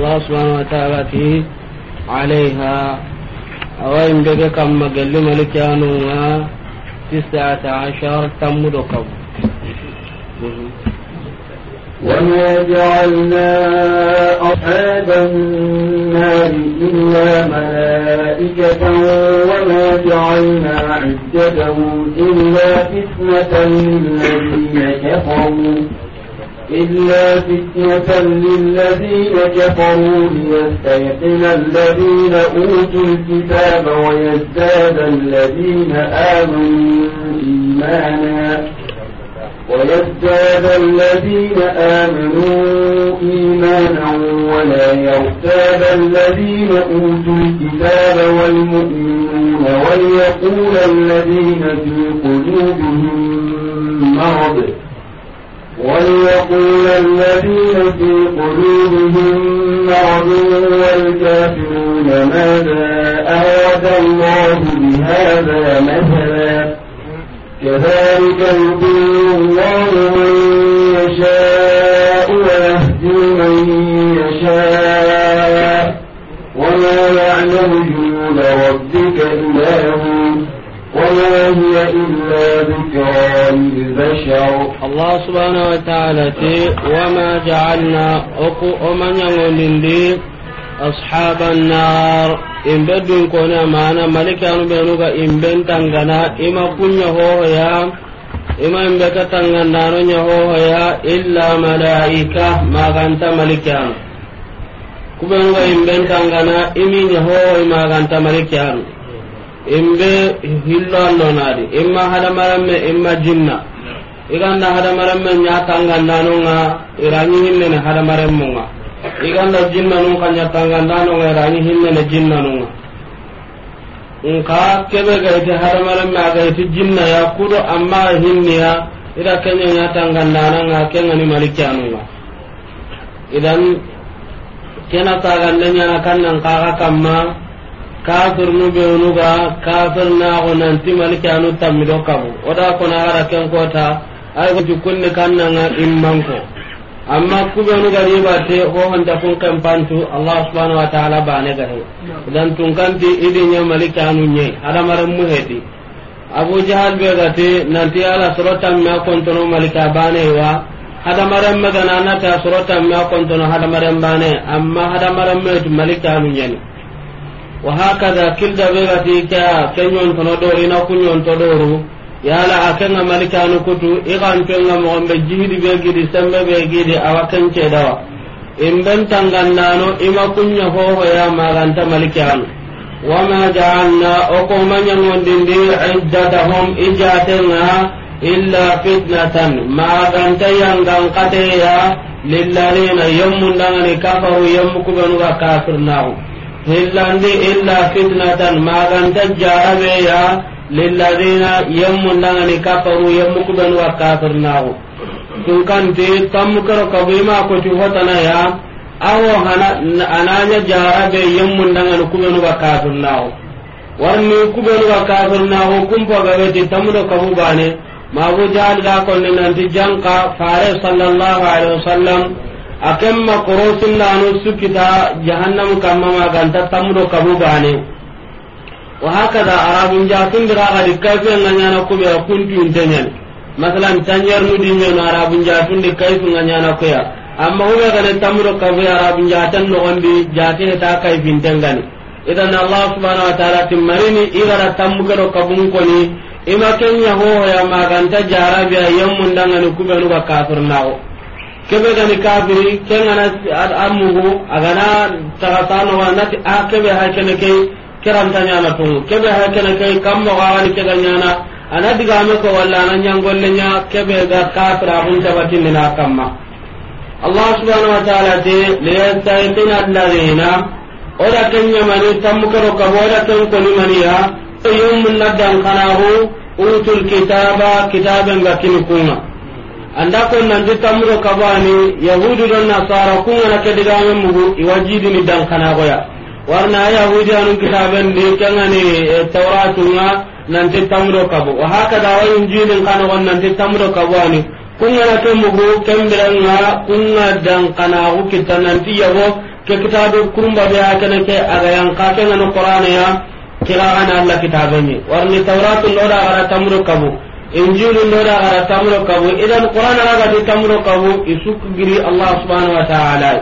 الله سبحانه وتعالى عليها أوين جبه كم مقل ملك يانوها تسعة عشر تمدكم وما جعلنا أصحاب النار إلا ملائكة وما جعلنا عدتهم إلا فتنة للذين كفروا إلا فتنة للذين كفروا ليستيقن الذين أوتوا الكتاب ويزداد الذين آمنوا إيمانا ويزداد الذين آمنوا إيمانا ولا يرتاب الذين أوتوا الكتاب والمؤمنون وليقول الذين في قلوبهم مرض وليقول الذين في قلوبهم مرض والكافرون ماذا أراد الله بهذا مثلا كذلك يضل الله من يشاء ويهدي من يشاء وما يعلم جنود ربك إلا هو وما هي إلا ذكرى للبشر الله سبحانه وتعالى وما جعلنا ومن يقول لي أصحاب النار إن بدون كنا معنا ملك أنو بينوغا إن بين تنغنا إما كن يهوهيا إما إن بك تنغنا يهوهيا إلا ملائكة ما غنت ملك أنو كبينوغا إن بين تنغنا إمين يهوهي ما غنت ملك أنو imbe hillo allonadi imma hadamaranme imma jinna iganda hadamaranme ñatangandanonga irañi hinnene hadamarenmonga iganda jinna nun ka ñatangandanonga irañi hinnene jinna nunga nka keɓe gayti hadamaranme a gayti jinnaya kudo amma hinniya ida keña ñatangandananga kengani malikeanunga idan kena sagande ñana kannan kaka kamma kafir nu be onuga kafir na go nanti malike anu tammido kabu oda ko na ara ken kota ay go jukunni kannanga imman ko amma kube onu gari ba te ho handa kun kan pantu allah subhanahu wa ta'ala bane ne gari dan tun kan ti idin ya malike anu nye ada maran mu hedi abu jahal be gate nanti ala sorotam ma kontono malika bane wa hadamaren maran magana na ta sorotam ma kontono ada bane amma hadamaren maran me malika anu nye wa hakaza kilda begati ke keñontono ɗori na kuñonto ɗoru yala a kenga malikanu kutu igantoenga mogonɓe jihidi ɓe gidi sembe ɓe gidi awa kenceɗawa in ɓen tangannano ima kuña hohoya maganta malikanu wama jaalna o koma ñangondindi iddatahum i jatenga illa fitnatan maganta yangan kateya lillalina yemmu ndangani kafaru yemmu kuɓenuga kafirnahu hillande illa fitnatan maganta jaraɓeya lilladina yemmundagani kafaru yemmukuɓen wa kafirnaku tun kanti tammukero kabuima koti hotanaya awo hana ananya jaraɓe yemmundagani kuɓen wa kafirnaku warni kuɓen wa kafirnaku kumpogaɓeti tammuɗo kabu bane mabu jahal gakonni nanti janka fare sallallahu alaihi wasallam akem ma korosin da anu sukita jahannam kamma ma ganta tamdo kabu bane wa haka da arabun jafin dira ga dikai fi nga nyana ku be kuntu intenyal masalan tanyar nu dinya na arabun jafin dikai fi nga nyana ku ya amma huwa ga da tamdo kabu ya arabun jatan no wandi jati ta kai bintengani idan allah subhanahu wa ta'ala timmarini ira da tamgo kabu ko ni ima kenya ho ya maganta jarabiya yammun dangani ku be nu ka kafir nawo kebe gani kafiri kengana amugu agana tagasano wanati a kebe ha kene kei keranta na tungu kebe ha kene kei kammo gawani kega nyana ana digame ko walla ana nyangolle nya kebe ga kafira hun tabatinde na kamma allah subhanahu wa ta'ala de liyastaqina alladhina oda kenya mani tammukaro kabo oda ken koni maniya yummun naddan kanahu utul kitaba kitaben ga kinikunga anda ko nan di tamro kabani yahudu don nasara kun na ke diga men mugu iwajidi ni dan kana goya warna yahudi anun kitaben de kangani tawratunga nan di e, tamro kabu wa haka da wa injilin kana wan nan di tamro kabani kun na ke mugu kembiranga kun dan kana ku kitanan ti yabo ke kitabu kurumba be akana ke aga yang ka ke nan qur'ana ya kira ana allah kitabenye warni tawratun loda ara tamro kabu da ndoda gara tamro kabu idan qur'an raga di tamro kabu isuk giri allah subhanahu wa ta'ala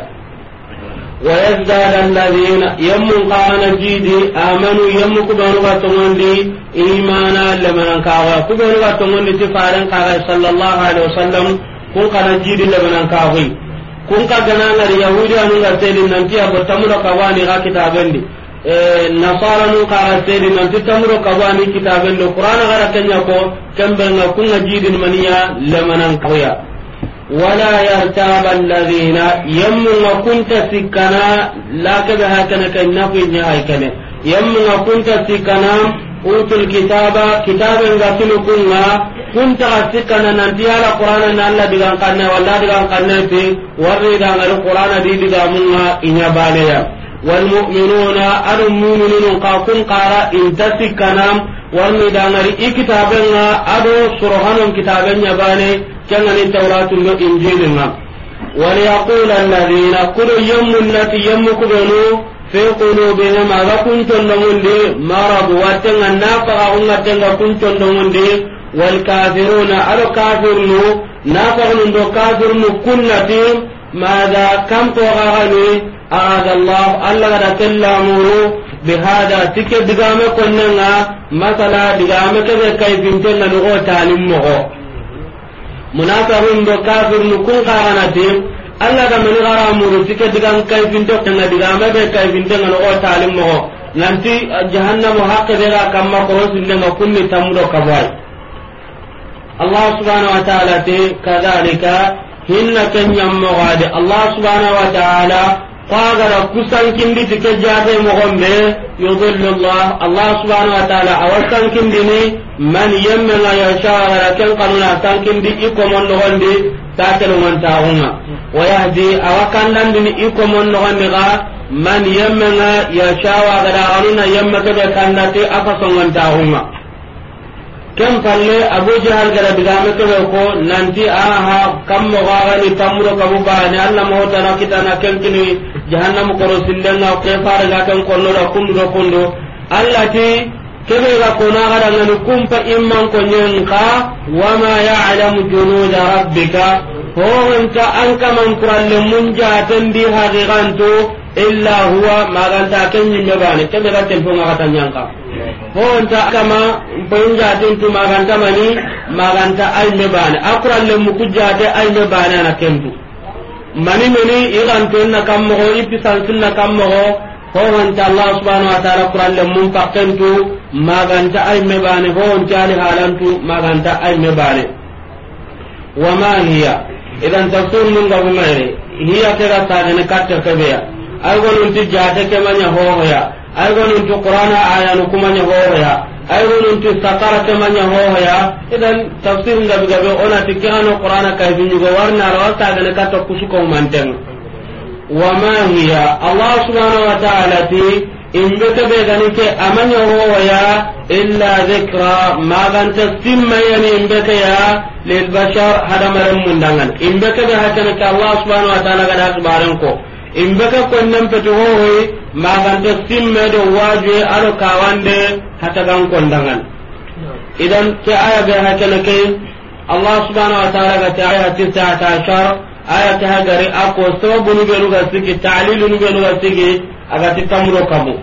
wa yazdad alladhina yamun qana jidi amanu yamun kubanu wa tumandi imana lamana kawa kubanu wa tumandi ti faran kaga sallallahu alaihi wasallam kun kana jidi lamana kawi kun ka gana ngari yahudi anu ga tedin nanti abu tamro kawani ga kitabandi Eh, nasara nu kara sedi nanti tamuro kabu ani kitaben do qur'ana gara kenya ko kembe nga kunga jidin maniya lamanan koya wala yartab alladhina yammu nga kunta sikana laka be hakana kan fi nya kane yammu nga kunta sikana utul kitaba kitaben ga tulu kunga kunta sikana nanti ala qur'ana na alla digan kanne walla digan kanne te warri digan qur'ana di digamunga inya baleya والمؤمنون المؤمنون قاكم قارا انتسك كنام warni dangari i kitaben ga ado sorohanon kitaben yabane kengani tauratun do injilin ga waliyaqula alladina kudo yemmunnati yemmu kubenu fi qulubihim aga kuncondogundi maradu wattenga nafagakungatenga kuncondogundi walkafiruna ado kafirnu nafagunundo kafirnu kunnati mada kam togagani arada allah allah gada bihada tike digame konnenga masala digame keɓe kayfintenga nogo tanin mogo munafirun do kafir nu kun allah da tike digame nanti kamma kunni tammuɗo kaboay allah subhanau wa taala te kadalika hinna allah wa taala kwagara kusankindi tike jabe mogonɓe yudillu llah allah subhanau wa taala awa sankindini man yemme nga yasha agara ken kanuna sankindi i komon nogondi takelongontaxunga wayahdi awa kandandini i komon nogondi ga man yemme nga yasha agara aganuna yemme keɓe kandati afa songontaxunga ken palle abu jahal gara digame kebe ko nanti aha kam mo gani tamro kabu bani alla mo tana kitana kem kini jahannam koro sillenga ke far ga kan kono da kum do kondo alla ti kebe ga kona gara ngani kumpa imman ko nyenka wama ya'lamu junud rabbika ho ta an kaman qur'an mun jaten di haqiqanto illa huwa maganta kenyi bani kebe ga tempo ngata nyanka honta akama bayunjaten tu maganta mani maganta ayme bane akuralle mukujate me bane ana kentu mani meni igantenna kammogo ipisansinna kammogo hohonta allah subhanau wa taala kuralle mun pakkentu maganta ayme bane hohontali halantu maganta ayme bane wama hiya idan tafsir mun gabumayre hiya kega ya katte keɓeya aygonunti jate kemanya ya. ay gonuntu qur'ana ayanu kumanya hohoya ay gonuntu sakara kemanya hohoya idan tafsir ngabe gabe onati kihano qur'ana kaybinyugo warna rawa sagane katta kusuko mantenga wama hiya allah subhanahu wa ta'ala ti in bete be gani ke amanya hoya illa dhikra ma ganta simma yani in bete ya lil bashar hada mundangan in bete be hakana ke allah subhanahu wa ta'ala gada akbaran ko in be ka konnen pete hohoy maganta simme do waje aro kawande hatagan kondangan idan ke aya be hakene ke allah subhanahu wa ta'ala ga ta aya tisata ashar aya ta hagari ako sababu nu beru ga sigi ta'lilu nu benu ga sigi aga ti tamro kamu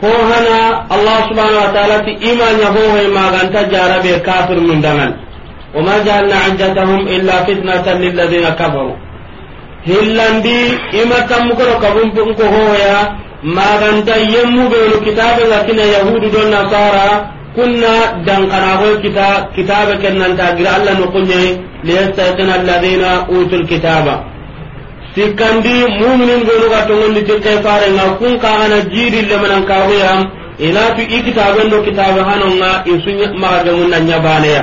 ko hana allah subhanahu wa ta'ala ti imanya hohoy ta jarabe kafir mun dangan وما جعلنا عدتهم إلا فتنة للذين كفروا hillandi ima tammukoɗo kabumpunko hoya maganta yemmuɓenu kitabe ga kina yahudu do nasara kunna dankanagoy kita kitabe kennanta gira allah nokuñayi liyastaqina alladina utul kitaba sikkandi muminin gonuga togondi ti kefarenga kun kagana jiidille manan kaguya inatu i kitaben do kitabe hanonga isu maga gemunna ñabaneya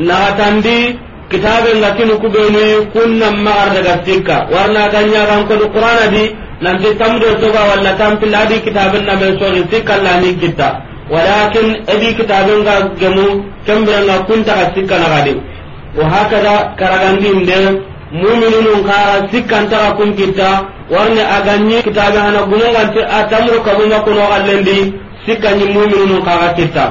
nagatandi kitabe ngatinu kubenu kunna magar daga sikka warna ganya kan ko qur'ana di nanti tamdo soba walla tampil adi kitabe na be so sikka la ni kita walakin adi kitabe nga gemu kambira nga kunta ka sikka na gadi wa hakada karagandi inde mu'minun kara sikka ta kun kita warne aganyi kitabe hana gununga ti atamru kabunga kuno gallendi sikka ni mu'minun kara kita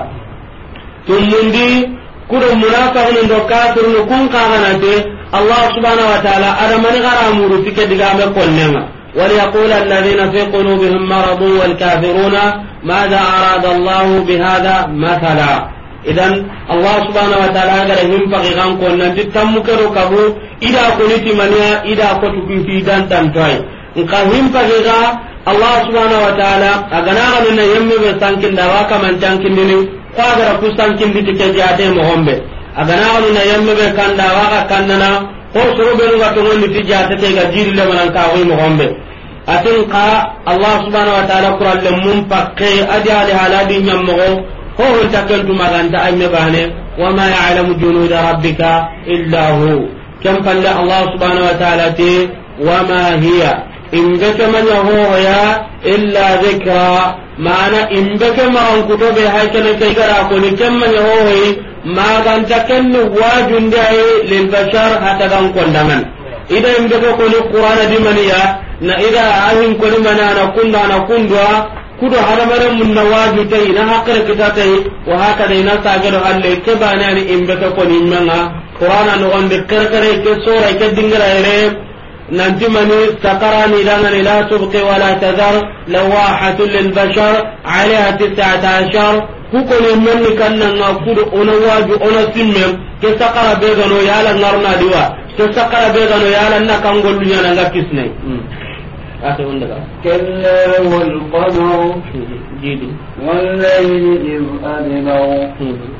tumundi kudo munafiqun do kafirun kun kaganate allah subhanahu wa ta'ala adamani gara muru tike diga me kollenga وليقول الذين في قلوبهم مرض والكافرون ماذا أراد الله بهذا مثلا idan allah subhanahu wa ta'ala gara him pagi gan ko nan ti tammu kero kabu ida ko ni timaniya ida ko tu bi dan tan toy nka him pagi ga allah subhanahu wa ta'ala agana ga nan yemme be tankin da wa kaman tankin ni kwagara agara kusankinditi ke jate mogonɓe aganaxanuna yemmeɓe kanda waxa kannana ko soroɓenuga togonditi jatete ga jirilemanan mogonɓe atin ka allah subhanau wa taala kuralle mun pakke adi ali haladi ñammogo ho honta kentumaganta ayme bane wama yalamu junuda rabbika illa hu kem palle allah subhanau wa taala te wama hiya imbe kemanya hohoya illa ma'ana dhikra mana imbe kemaran kutobe haykene ke igara koni kemanya hohoyi maganta kenni wajunde ayi lilbashar hatagan kondangan ida imbe ke koni qur'ana dimaniya na ida ahin koni mana na kunda na kundwa kudo hadamaren mun na wajutai na hakar kitatai wa haka dai na sagado halle ke bana ni imbe ke koni menga qur'ana no onde karkare ke sura ke dingara ere nanti mani sakarani dangani la tubqi wala tadhar lawahatun lilbashar alayha tisata ashar kukoni monni kannanga kudo ona waju ona simme ke sakara begano yala ngarna diwa ke sakara begano yala na kangollu nyana nga kisne آخر النبأ كلا والقمر والليل إذ أدبر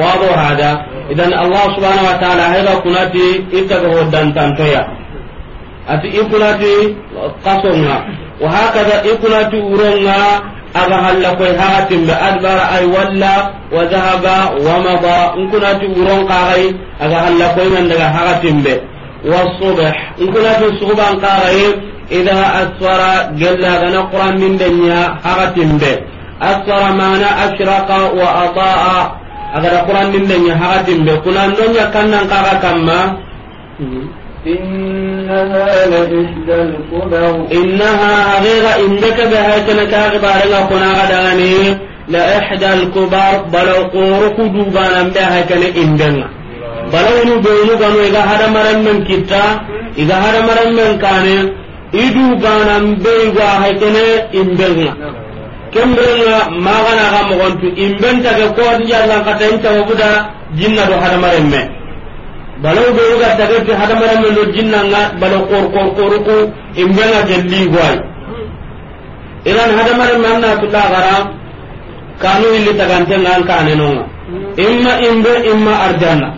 waɗo hada idan allah subhanahu wa ta'ala hayra kunati ita ittaga hoddan tantoya ati ikunati qasonga wa hakaza ikunati uronga aga halla koy hatimbe adbara ay walla wa dhahaba wa mada inkunati uron qaray aga halla koy nan daga hatimbe wa subh inkunati suban qaray idha asfara galla gana qur'an min danya hatimbe asfara mana ashraqa wa ataa agada quran din den ya haratin be kuna non ya kannan kaga kamma inna la ihdal kubar inna hadha indaka bi hayatin ka ibara la kuna gada ni la ihdal kubar balaw quru kudu banan bi hayatin indanna balaw nu be nu gano ila hadamaran men kita ila hadamaran men kane idu banan be wa hayatin indanna kembrenga magana ga mogontu imbenta ke ko ndi Allah ka tan tawo buda jinna do hada maremme balo be uga tage ti hada maremme do jinna nga balo kor kor kor ko imbenga ke li goy iran hada maremme amna to da gara kanu illi tagante nga ka aneno nga imma imbe imma arjanna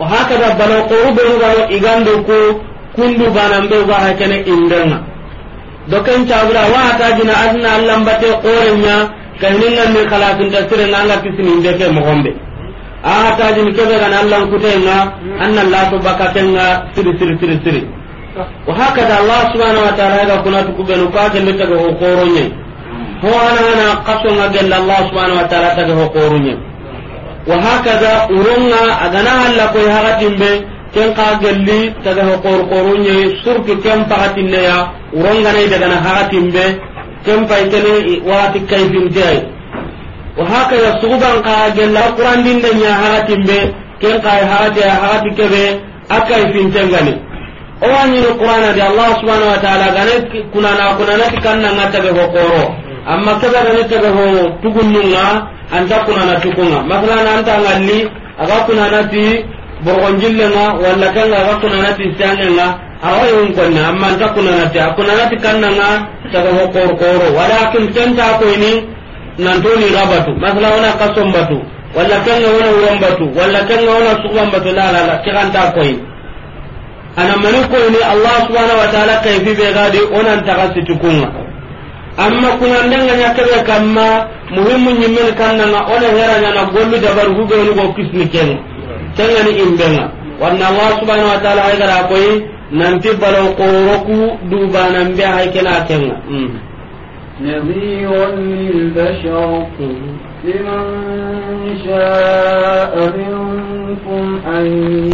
o haka da balo kor be uga igando ko kundu banambe uga ha kene imbenga dokan cabura wa ta jina adna allan bate qorenya kanin nan ni khalasin sirin nan ga kisini inde ke mo a ta jini ke daga nan allan kutenga anna allah to baka bakatenga siri siri siri siri wa haka da allah subhanahu wa ta'ala ga kuna tuku ga ka ke mita ga qorenya ho ana ana qaso ngagel allah subhanahu wa ta'ala ta ga qorenya wa haka da urunga agana allah ko be ken ka gelli taga ho qor qorunye surtu kem pagatinne ya uronga nay daga na hagatimbe kem pay kene wati kayfin tay wa haka ya suban ka gella qur'an din den ya hagatimbe ken ka hagati ya hagati kebe akai fin tengani o wani no qur'ana di allah subhanahu wa ta'ala gane kuna na kuna na kanna ngata be ho qoro amma kaga gane taga ho tugunnga anta kuna na tukunga masalan anta ngalli aga kuna na ti borgonjillenga walla kanga ga kunanati siangenga awa yun konna amma ta kunanati a kunanati kannanga saga ho korkoro walakin kenta koyni nantoni rabatu masala wona kasombatu walla kanga wona wurombatu walla kanga wona sugbambatu lalala kiganta koyni anamani koyni allah subhanahu wa taala kayfi ɓe gadi onantaga situkunga amma kunandenga ñakkeɓe kamma muhimmu ñimmen kannanga ona na gollu dabar huɓenugo kisni kenga tengani imbenga wanna Allah subhanahu wa ta'ala ay gara koy nanti balo qoroku duba nan be hay kena tenga mm nadhirun lil bashar liman sha'a minkum an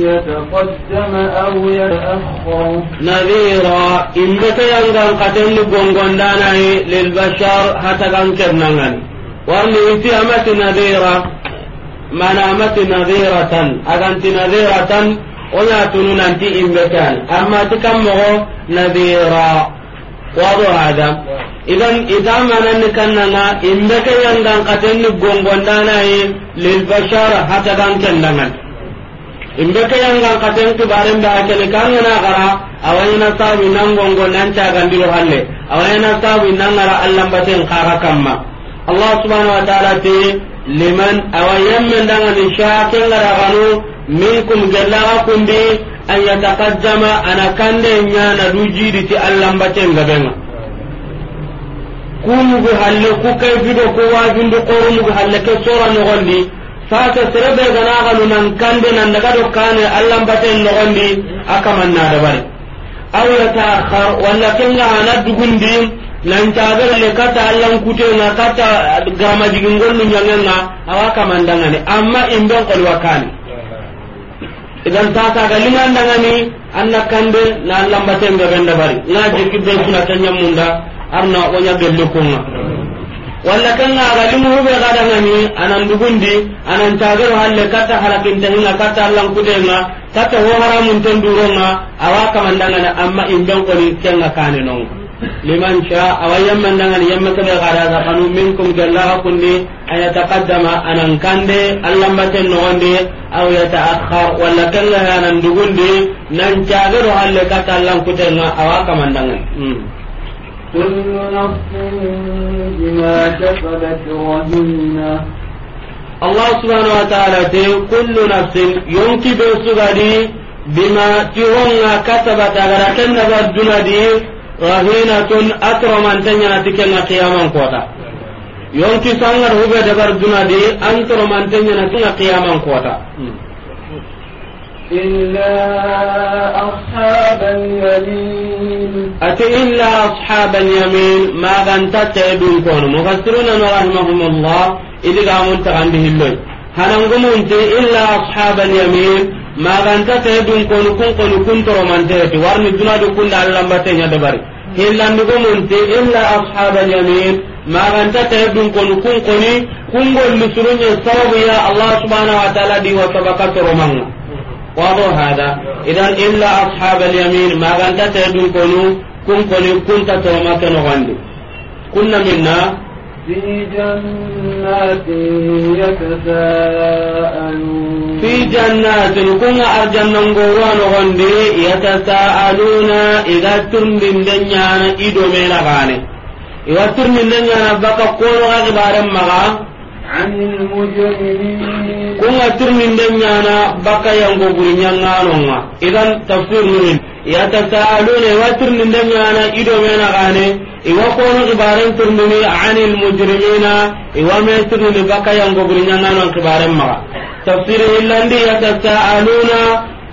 yataqaddama aw yata'akhkhara nadhira innaka yangan qatal gongondana lil bashar hatagan kernangan warni inti amati nadhira manamati nadiratan aganti nadiratan onya tunu nanti imbekan amma ti tikam mogo nadira wado hada idan idan manan kannanga imbeke yandan katenni gongondana yi lil bashara hata dan kendangan imbeke yandan katen tu baren da akele kangana gara awayna sabu nan gongo nan ta gandiro halle awayna sabu nan gara allah baten kara kamma allah subhanahu wa ta'ala te liman awa ni dangani shaken garaganu minkum gellaga kundi an yataqaddama ana kande nyana ti jiditi allahmbaten gabenga kumugu halle ku kay bido ko wajundu korumugu halle ke sora nogondi fata serebe ganaganu nan kande nan daga do kane aka manna akamanna dabari aw yataakhar walla kenga ana dugundi lancagarle kata allan kutenga kata garamajigingollu ñangenga awa kamandangani amma imben kolwa kani idan tataga lingandangani anna kande na allambatenga benda bari na jikki be suna munda arna oña gelle kunga walla kanga aga limuhube gadangani anan dugundi anan cagero halle katta halakintahinga katta allan kutenga katta ho haramunten duronga awa kamandangani amma imben koni kenga kane nonga liman sha awa yamman dangan yamma kebe gara ta kanu minkum galla hakunni an yataqaddama anan kande allambaten nogonde aw yataakhar walla kalla hanan dugunde nan jagaro halle kata allan kutenga awa kamandangan كل نفس بما كسبت رهينة الله سبحانه وتعالى كل نفس ينكب سغدي بما تهون كسبت أغرى rahinatun na ti kenga qiyaman kota yonki sangar hube dabar dunadi an toromantanyana tinga qiyaman kota إلا أصحاب اليمين أتي إلا أصحاب اليمين ما غنت تدون كون مفسرون رحمهم الله إذا قاموا تغنبه الليل هننقمون إلا أصحاب اليمين maganta te dun konu kun konu kun toro mantereti warni dunado kunda allambate nya dabari hillandigo munti illa ashabal yamin maganta te dun konu kun koni kun golli surunye sababu ya allah subhanahu wa ta'ala di wa sabaka toro manga wado hada idan illa ashabal yamin maganta te dun konu kun koni kun ta toro makeno wandi kunna minna في جنات يتساءلون في جنات كنا أرجن نقولون غندي يتساءلون إذا ترمين دنيانا إدو ميلا غاني إذا ترمين دنيانا بقى قولوا غبارا مغا عن المجرمين كنا ترمين دنيانا بقى ينقو قرين ينغانونا إذا تفسير مهم yatasaluna wa tirninde meana ido mena gane iwa kono kibaren turndini anil mujrimina iwa me tirnini baka yangoguriñanganon kibaren maga tafsiri hillandi yatasaluna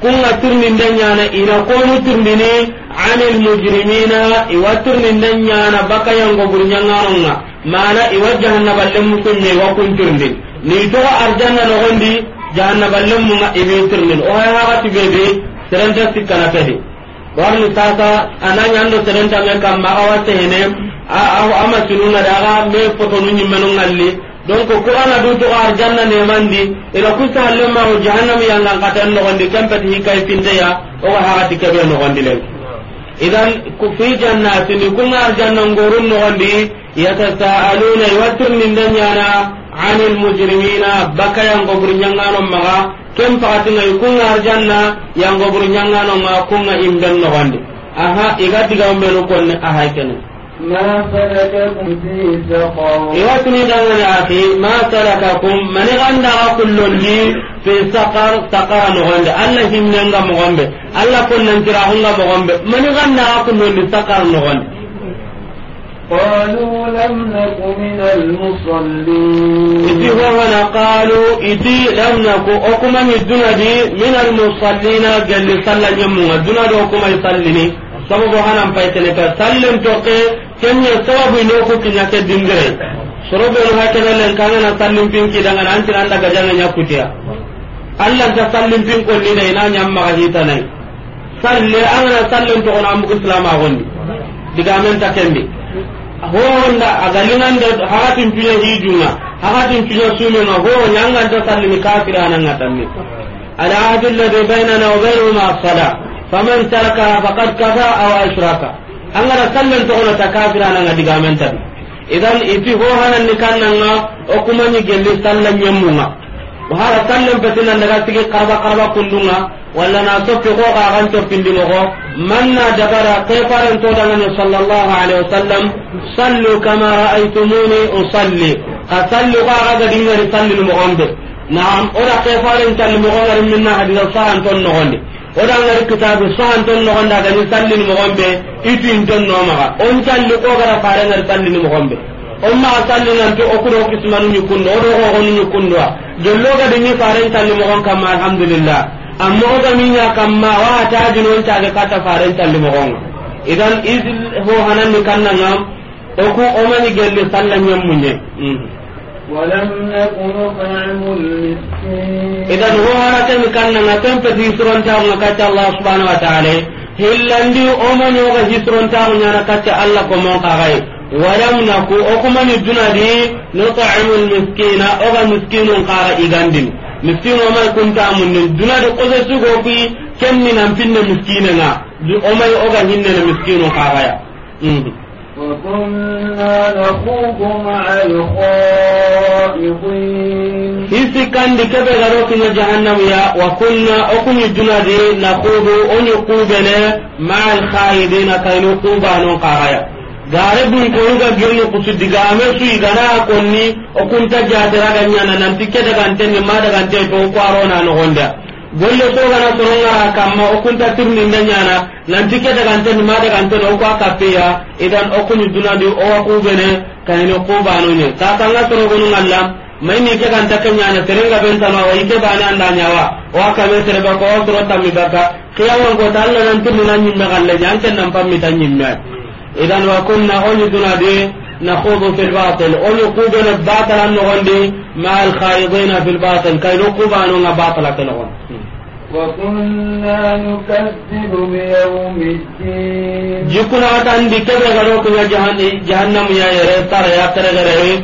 kunga tirninde ñana ina konu tirndini anil mujrimina iwa tirninde ñana baka yangoguriñanganonga mana iwa jahannaballe musumme iwa kuntirndi ni togo arjanna nogondi jahannaballe munga ibe tirnin ohay hagati bebe serenta sikkana kedi warni tata ananya ndo serenta men kam ma awate hene aw ama sununa daga me foto nunyi menun ngalli donc ku ana du to arjanna ne mandi ila ku sahalle ma o jahannam yang ngan katan no gondi kampati hikai pinte ya o ha hati kabe no gondi len idan ku fi jannati ni ku arjanna ngorun no yatasaaluna yawtun min danyana anil mujrimina baka kem pakatinga ikunga arjanna yangoburu ñanganonga kunga imben nogondi aha iga digammenu konne aha kene iwatini dangani aki ma salakakum mani gandaga kullondi fi sakar sakara nogondi allah himnenga mogonɓe allah konnantirakunga mogonɓe mani gandaga kullondi sakar nogondi قالوا لم نك من المصلين إتي هو قالوا إتي لم نك أكما الدنيا دي من المصلين قال لي صلى يمو الدنيا دي أكما يصليني سبب هنا مفايتنك سلم توقي كم يسبب ينوكو كنا كدنجري sorobenu hakene len kangana sallimpin kidangan antin anda gajanga ñakkutiya allanta sallimpin konnina ina ñammaga hitanai salle angana sallin togona ambugu islama gondi digamen ta kendi hoonda agalingande hakatin cuña hijunga hakatin cuña sumena ho ñanganta sallini kafirananga tanni العهد الذي بيننا وبينهما الصلاة فمن تركها فقد كفى أو أشرك أنا سلم تقول تكافر أنا دقامنتبي idan iti ho hanan kannanga o kuma ni gelli sallan yammunga bahara sallan beti nan daga tigi karaba karaba kundunga wala na soppi ko ka kan to pindi mo ko man na dabara ke faran to daga ne sallallahu alaihi wasallam sallu kama raaitumuni usalli ka sallu ka ga dinga ri sallu mo gonde na am ora ke faran tan mo gonde min na hadina saan ton no gonde ora ngari kitabu saan ton no gonda ga ni sallu mo gonde itin ton no ma on sallu ko ga faran ri sallu mo gonde umma salli nan to okudo kismanu ni kundo odo ko ko ni kundo gello ga dinni faran salli mo gon kam alhamdulillah amma o ga minya kam ma wa ta ji non ta ga kata faran salli mo idan iz ho hanan ni kan nan oku o ma ni gelli sallan nyam munye ولم نكن نطعم المسكين إذا هو أنا كان كان walam naku o kuma ni dunadi nut'imu almiskina o ga miskinun qara igandin miskino ma kunta mun dunadi qose sugo ku kenni nan pinne miskina na o mai o ga hinne na وكنا نخوض مع الخائضين هسي كان دي كبه غروكنا جهنم يا وكنا أكني جنادي نخوض أني قوبنا مع الخائدين كي نقوبا نقايا gare dun konuga gelle kusu digame sui gana konni o kunta jatiraga ñana nanti ke dagantenni ma dagante to ko arona nogonda golle sogana sorongara kamma o kunta tirninda ñana nanti ke dagantenni ma daganteni o ko a kappeya idan o kuñu dunadi owa kubene kayini kubanuñe kakanga sorogonungalla maini ke ganta ke ñana serenga bentano awa ike bane anda ñawa owa kame sereba ko o soro tammi bakka kiyamangoota allah nantirnina ñimme galle ñanken nan pammita ñimme idan wa kunna na dunade nakhudu fi lbatil onyi na batal an nogondi ma alkhaidina fi lbatil kayno kubanonga batala ke nogon وكنا نكذب بيوم الدين جكنا تندي كبر غروك يا جهنم يا يرى ترى يا ترى غروك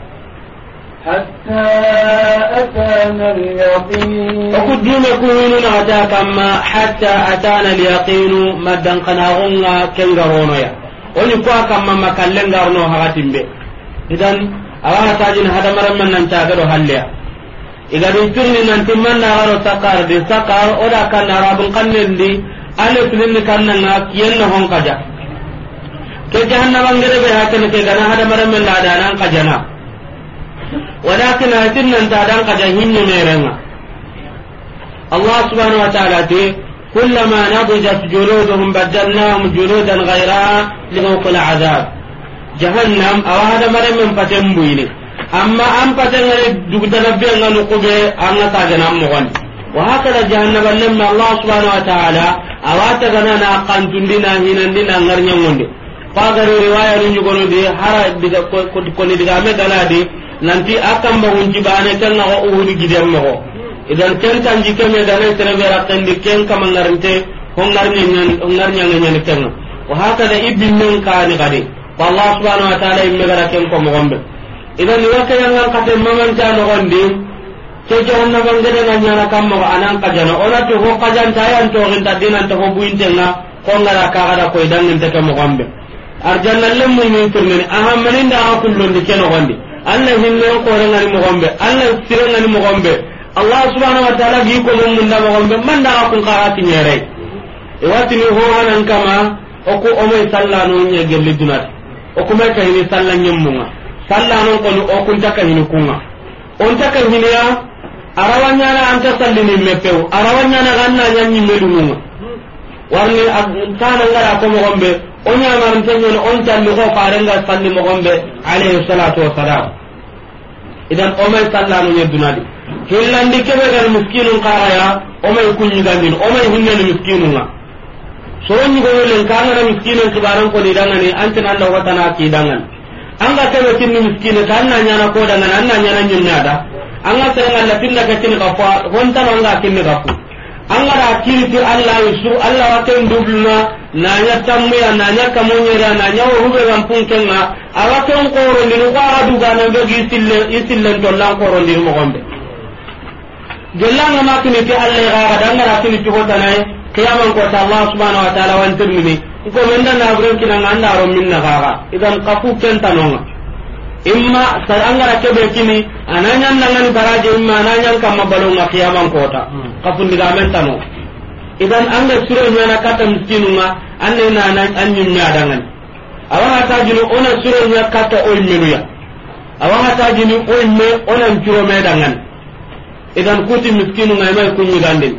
حتى أتانا اليقين وكدون كوين أتاك أما حتى أتانا اليقين مدن قناغونا كنغرونيا ونكوا كما مكالن غارنو هغاتين بي إذن أوانا تاجين هذا مرمان ننتاقلو هليا iga dun turni nanti man na garo sakar di sakar oda kan na rabun kannen di ale tunin kan na na kiyen na hon kaja ke jahannama ngere be hakene ke gana hada maram la dana walakin atinnan ta dan kaja hinni merenga allah subhanahu wa ta'ala ti kullama nadijat juluduhum badalnahum juludan ghayra liqawqi al'adab jahannam awada mare men patem buini amma am patengare dugdana be ngano kube anga tagana mo gon wa hakada jahannam lamma allah subhanahu wa ta'ala awata gana na qantundina hinandina ngarnya ngonde pagare riwaya ni nyugono de hara diga ko ko diga me nanti akan mahunji bane kan na uhudi gidan mago idan ken tanji kame dane terebe rakendi ken kamangarinte hongarnya nyen hongarnya nyen kan wa haka da ibin men kani kadi Allah subhanahu wa ta'ala imme gara ken ko mogombe idan ni waka yang ngal kate maman ta no gondi ke ke na bangede na nyana kam anan kajana ona to ho kajan tayan to ginta dinan to ho buinte na ko ngara ka gara ko idan ko ke gombe. arjanna mu min tirmini ahammanin da aga kullondi ke nogondi allah hinnero korengani mogonɓe allah sirengani mogonɓe allah subhanahu wa taala gi mun munda man da aga kun e wati ni ho hohanan kama o o ko oku omoy e sallanoñe gelli dunati okume kahini salla ñemmunga sallanon koni okunta kahini kunga ya arawanya na anta arawanya na ganna nyanyi medu mun warni ah, tanangara ko mogonɓe tan ñamarnteñoni on fa ko sanni salli gombe alayhi salatu wasalam idan o sallanu sallanuñe dunadi hillandi keɓe gan miskinun karaya omay kuñigandin omay hinneni miskinunga soro ñigoyolen kangana miskinen kibaran koni dangani antin allah watana kidangani anga na kinni miskine ta anna an kodangani anna ñana ñimmada anga serengalla tinna ke kini ka on ga tin ka fa angara kiriti allah isu allah waken dubluma nanya tammuya nanya kamunyera nanya horube gampun kenga awaken korondini ko aga duganambegi isillen tollan korondini mogonɓe gellanga makiniti allah igaga dangara kiniti hotanaye kiyaman kota allah subhanau wa taala wantirmini nko men da naburen kinanga andaron min nagaga idan kafu kentanonga imma sar angara kebe kini ananyan nangan baraje imma ananyan kamma balonga kiyaman kota hmm. kafun diga mentano idan anga sure nyana kata miskinunga anne na nan anyin nya dangan awanga tajini ona sure nya kata oy menuya awanga tajini oy me ona juro me dangan idan kuti miskinunga imay kunyi gandin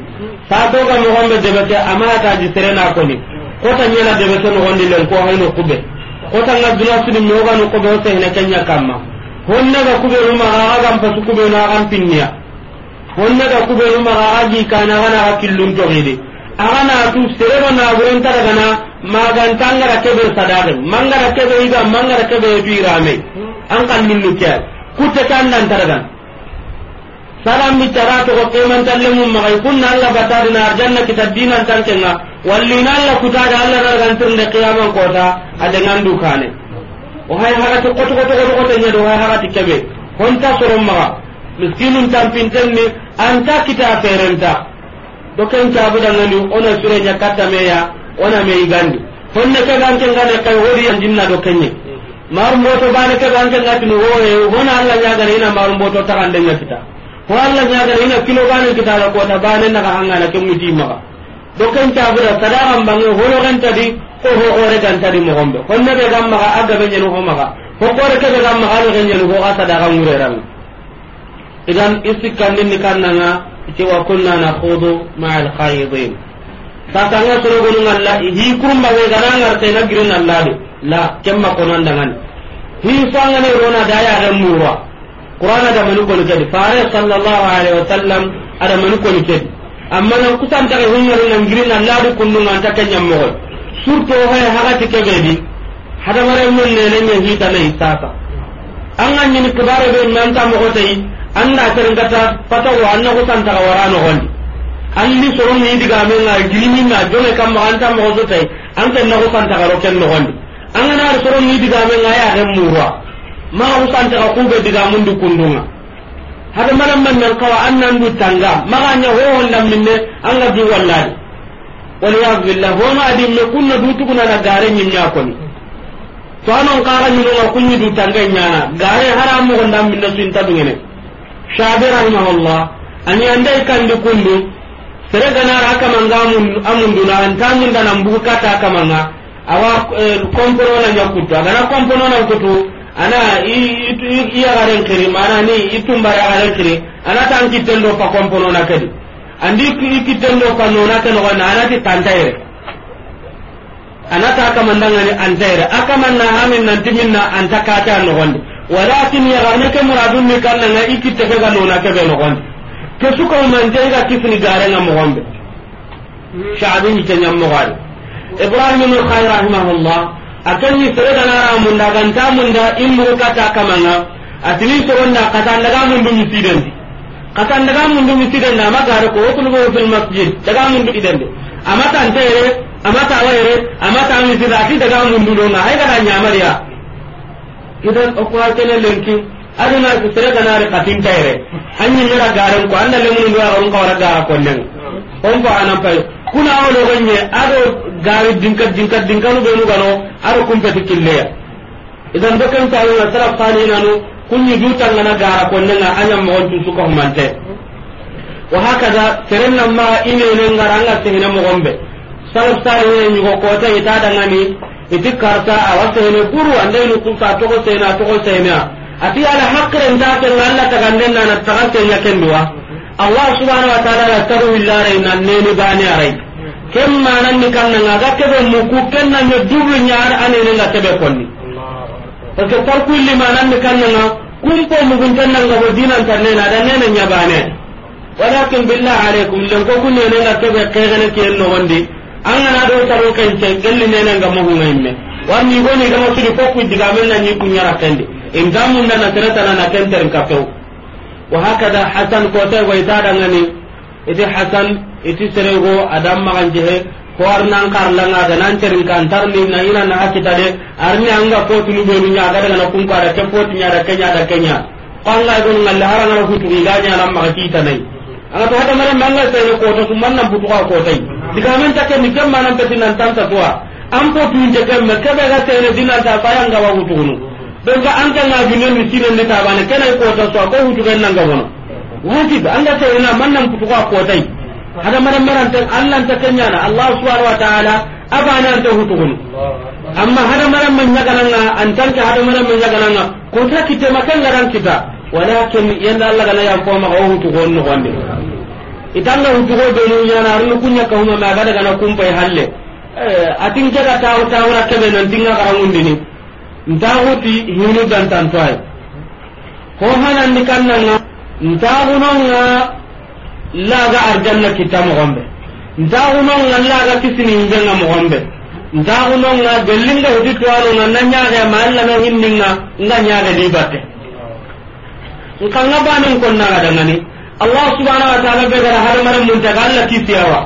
sa hmm. to ga mo gombe debete amata ji serena koni hmm. kota nyana debete no gondi len ko hayno kube kotanga duna suni moganu koɓe o sehne kenya kamma honnaga kuɓenu maga agan pasu kuɓenu agan pinniya honnaga kuɓenu maga aga gikana aganaga killuntoxidi agana tu sereno naɓurentadagana magantangara keɓe sadaxe mangara kebe iga mangara keɓe etu irame an kan lullu ke kute ke an dantadagan salam bi tara to ko keman talle mum ma kunna alla batari na arjanna kita dinan tankenga walli na alla kuta da alla na gantir de qiyamam kota adengan dukane o hay haga to ko to ko to ko nyado hay haga tikebe honta sorom ma miskinun pinten ni anta kita ferenta do ken tabu da ngani ona sure nya me meya ona me igandi ne ka ganke kai kay wori anjinna do kenye mar moto bane ka ganke ngati no e hona alla nya gane ina mar moto ta kande nya kita ko Allah nya ga ina kilo bana kita da ko ta bana na hanga na kemu di maka do kan ta bura sadaran bangi holo kan tadi ko ho ore kan tadi mo gombe ko ne be gam maka aga be nyeno ho maka ko ko re ke be gam maka ga nyeno ho asa da kan mure ran idan istikkan din kan nanga ce wa kunna na khudu ma'al khaydin tatanga soro gonu ngalla hi kurum ba be ganan ngarte na girin Allah la kemma konan dangan hi sanga ne rona daya ga murwa qur'ana da manu koni kedi fare sallallahu alaihi wasallam ada manu koni kedi amma nan kusan ta hunyaru nan girin nan ladu kunnu nan ta kanyam mo surto hay hagati kebedi hada mare mun ne ne ne hita ne sasa an an ni kibare be nan ta mo tai anda tarngata patawo anna kusan ta warano an alli soron ni diga me na girimi na kan kam an ta mo so tai an tan na san ta garo ken no hondi an na soron ni diga me na ya remmuwa maga usante ka kube diga mundu kundunga hada mana man nan kawa nan du tanga maga nya ho honda minne anga du wallahi wal ya billah ho ma di me kunna du tukuna na gare nyim nya kon to anon kaga nyino ma kunni du tanga nya gare haram mo honda minne sun ta dungene shabira rahimahullah ani andai kandi kundu sere ganar haka manga amundu na antamun da nan bukata haka na. awa eh, komporo na nyakutu agana komporo na kutu ana iya garen kiri mana ni itu mbara garen kiri ana tan kitten do fa kompono na kadi andi kitten do fa na tan na ana ti tantaire ana ta mandanga ni antaire manna amin nan timinna anta ka ta no gonde walakin ya garne ke muradun ni kan na ikitte ga na ke be no gonde ke ko man jenga kifni na mo gonde hmm. sha'abi ni tanyam mo gonde ibrahim ibn khair rahimahullah akanni sereganara munda ganta munda immuru kata kamanga atini soronda kata ta mundu mun kata ndaga mundu misidendi ama gare ko go fil masjid daga mundu idende ama tantere ama tawere ama tamisida ati daga mundu donga ay kada nyamariya idan okwa kele lenki aduna su sere kana re katin tayre anyi mera garan ko anda lemun do aron ko wala gara ko nen on ko anan pay kuna o do gonye ado gari dinka dinka dinkalu no be no gano aro kumpe tikille ya idan do kan tawo na tara fani nanu kunyi duta ngana gara ko nen anya mo on su ko mante wa hakaza seren nan ma ine ne ngaranga sehne mo gombe salaf sare ne nyugo ko ta ita dangani itikkarta awasene buru andainu kusa togo sena togo sena ati ala haqqren ta ke Allah ta gande na na ta ke ya ken duwa Allah subhanahu wa ta'ala la taru illare na ne ni bani arai kem manan ni kan na ga ke be muku ken na ne dubu nyar ane ne la ke be konni parce que par li manan ni kan na kun po mu gun tan na ga dinan tan ne na ne ne nya bane walakin billahi alaikum lan ko kun ne la ke be ke ne ke no wandi an na do taro kan ce galli ne ne ga mu ngai me wani goni ga mu su ko ku diga men na ni ku yara kende indamun na nasirata na kenterin kafeu wa hakada hasan kote go ita dangani iti hasan iti serego adam makan jehe ko arnan karlanga ga nan terin kantar ni na ina na hakita de arni anga ko tulu be nya ga daga kun kwara ke ko tinya da kenya da kenya qalla go ngalla haranga ko ga nganya nan maga kita nai anga to hada mare manga sai ko to summan nan butu ko tai diga men take ni gamma nan petin nan tanta tuwa am ko tun je kan me kabe ga tere dinan ta ga wa wutunu donc an tanga junen ni sinan ne tabane kana ko ta so ko hutu ganna ngamono wajib anda ce ina mannan kutu ko ko dai hada maran maran tan Allah ta kanya na Allah subhanahu wa ta'ala abana ta hutu gun amma hada maran man an antan ka hada maran man yagalanga ko ta kite makan garan kita walakin yanda Allah gana yan ko ma ko hutu gon no gonde itanga hutu go be ni yana arnu kunya ka huma ma ga daga na kumpai halle eh, atin jaga taw tawra kebe nan dinga karangundi ni ntaxuti hinu dantantoay ko hanandi kannanga ntaxunonga laga arjanna kitta moxonɓe ntaxunonga laga kisini hinbenga moxonɓe ntaxunonga gellinga heti tuwanonga na ñaxe ma allano hinninga nga ñaxe ni batte nkanga banen konnaga dangani allah subhanau wa taala ɓe gara hadamaren muntaga allah kisiyawa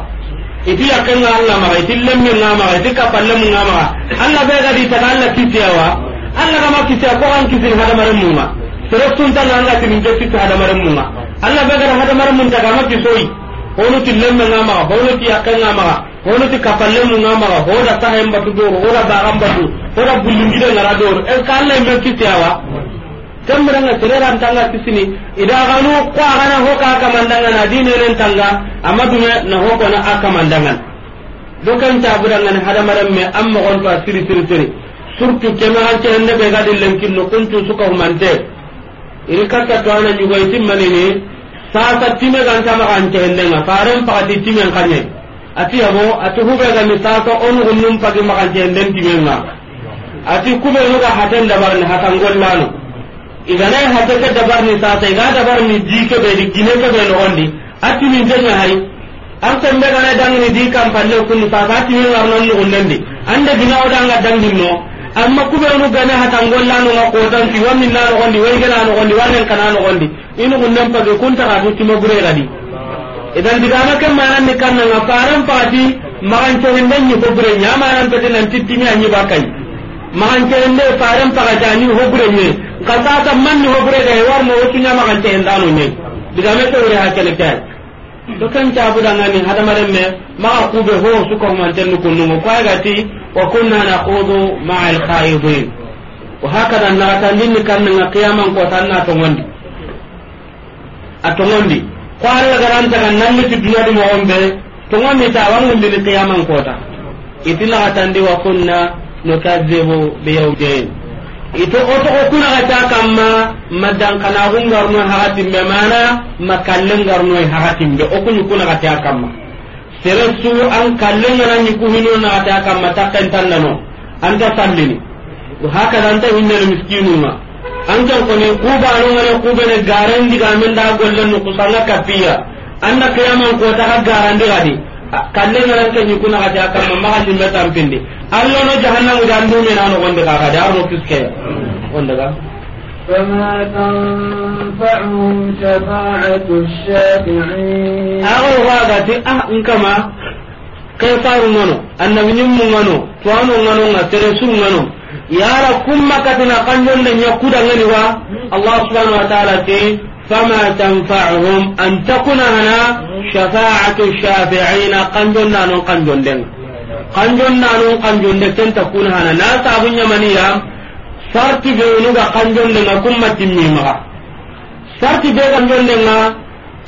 iti yakan nga Allah ma iti lemmi nga ma iti kapalle mu nga ma Allah bega ga di ta Allah ya wa Allah kama ma kisiya ko an kisin hada maram mu ma sunta sun ta Allah tin je kisiya hada maram mu ma Allah be hada maram munga ta ga kisoi honu ti lemmi nga ma honu ti yakan nga ma honu ti kapalle mu nga ma ho da sahem batu doro. ho da baram batu ho da bulingide nga do doro. ka Allah me kisiya wa kembranga sereran ntanga tisini ida ganu ko agana ho ka kamandanga na dine len tanga amma dume na ho ko na akamandanga dokan ta buranga na hada maram me amma gon to asiri siri siri surtu kema an ce hande be gadin lenkin no kuntu suka humante iri kaka to ana nyugo itim manini sasa time gan ta maka kan ce hande nga faran pakati time kanye ati yabo ati hube ga ni sasa on gunnum pagi maka ce hande timenga ati kube no ga haten dabar ni hatan gollano igana hate dabar ni sa sai dabarni dabar ni di di gine ke ɓe nogondi atimin tenga hay ar sembe gana dangni di ni kampalle kunni sasa atimin warnon nugundendi ande ginawo danga danginno amma kuɓenu gane hatangollanoga kotanti waminna nogondi waygena nogondi warnen kana nogondi inugunden page kuntaxatu time di. idan digama ke mananni kannanga faran pati magancerinde ñi hoɓure ñamananpete nanti tiñañiba kay magancerinde faran pagajani hoɓure ñee man kasata manni hoɓurede e warmo wocuñamagante ne. dano me digame tewre ha kene kay to ken cabudangani hadamaren me maga kuɓe ho sukahumantenni kunnugo ko aygati wa kunna nakudu maa alkhaidin wa haka na hakada nagatandinni kamnanga qiyamankota anna togondi a togondi ko allah garantaga nanniti dunadi mogon ɓe togondi tawangundini qiyamankota itinagatandi wa kunna nukadibu biyawdin ito otoko kunagata kamma madankanagum garno hakatimbe mana makallen garno hakatimbe okuni kunagatea kamma sere su an kallen gana ñikuhino ta kamma takkentannano anda sallini hakada anta hinnene miskinunga anken koni kubanongane kubene garendigamen da gollen sanaka kappiya anna kiyaman kotaka garandi gadi Ah, kalle ngaran ke nyiku na kata kam ma ha limbe tampindi allo no jahannamu dan du mena nanu gonde ka ka darno kiske gonde ka فما تنفعهم شفاعة الشافعين أو هذا أه إنكما mu mano to nyimmu ngano tuwanu ngano nga teresu ngano yara kumma katina kanjon da nyakuda ngani wa Allah subhanahu wa ta'ala te فما تنفعهم أن تكون هنا شفاعة الشافعين قنجون نون قنجون دين قنجون نانون قنجون دين تكون هنا ناس أبو يمنية سارت بيونوغا قنجون دين كما تميمها سارت بي قنجون دين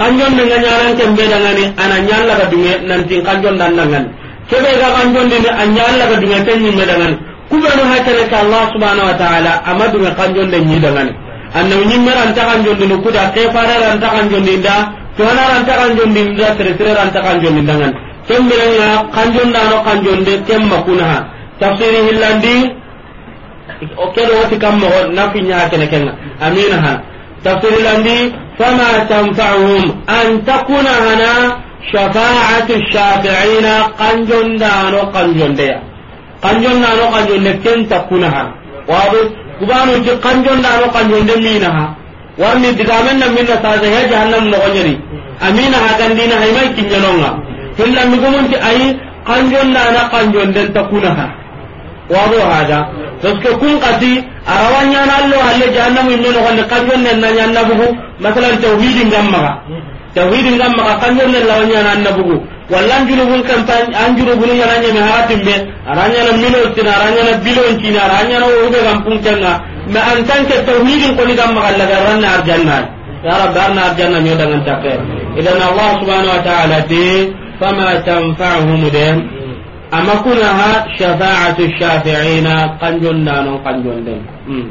قنجون دين نيران كم بيدانني أنا نيالا بدوية ننتين قنجون دين نغن كبه غا قنجون دين أنيالا بدوية تنمي مدغن كبه نهاتنا الله سبحانه وتعالى أما دوية قنجون دين يدغني anna nyimmera antakan jondi no kuda ke farara antakan jondi da to hanara antakan jondi da sere sere antakan jondi dangan kembirenga kanjonda no kanjonde kemma kunaha tafsiri hillandi o kedo wati kamma na nafi nyaa kene kenga amina ha tafsiri landi fama tanfa'uhum an takuna hana shafa'atu shafi'ina kanjonda no kanjonde ya kanjonda no kanjonde ken takunaha wadu kubanu ti kanjon da no kanjon de mina ha warni digamen na minna sa da ya jahannam no onyani amina ha gandina hay mai kinyanonga hilla mi gumun ti ay kanjon da na kanjon den takuna ha wado hada saske kun qati arawanya na allo halle jahannam inno no kanjon kanjon den na nyanna bugu masalan tauhidin gamma mm-hmm. tauhidin gamma kanjon den lawanya na annabugo walla an junubun kanta an junubun ngana nyame haratin be aranya na mino tina aranya na bilon tina aranya na ube kampung kenga ma an tanke tauhidin ko ni gam magalla garanna arjanna ya rabbi arna arjanna mi dangan takke idan allah subhanahu wa ta'ala ti fama tanfa'uhum de amma kunaha shafa'atu shafi'ina kanjon nanon kanjon den mm.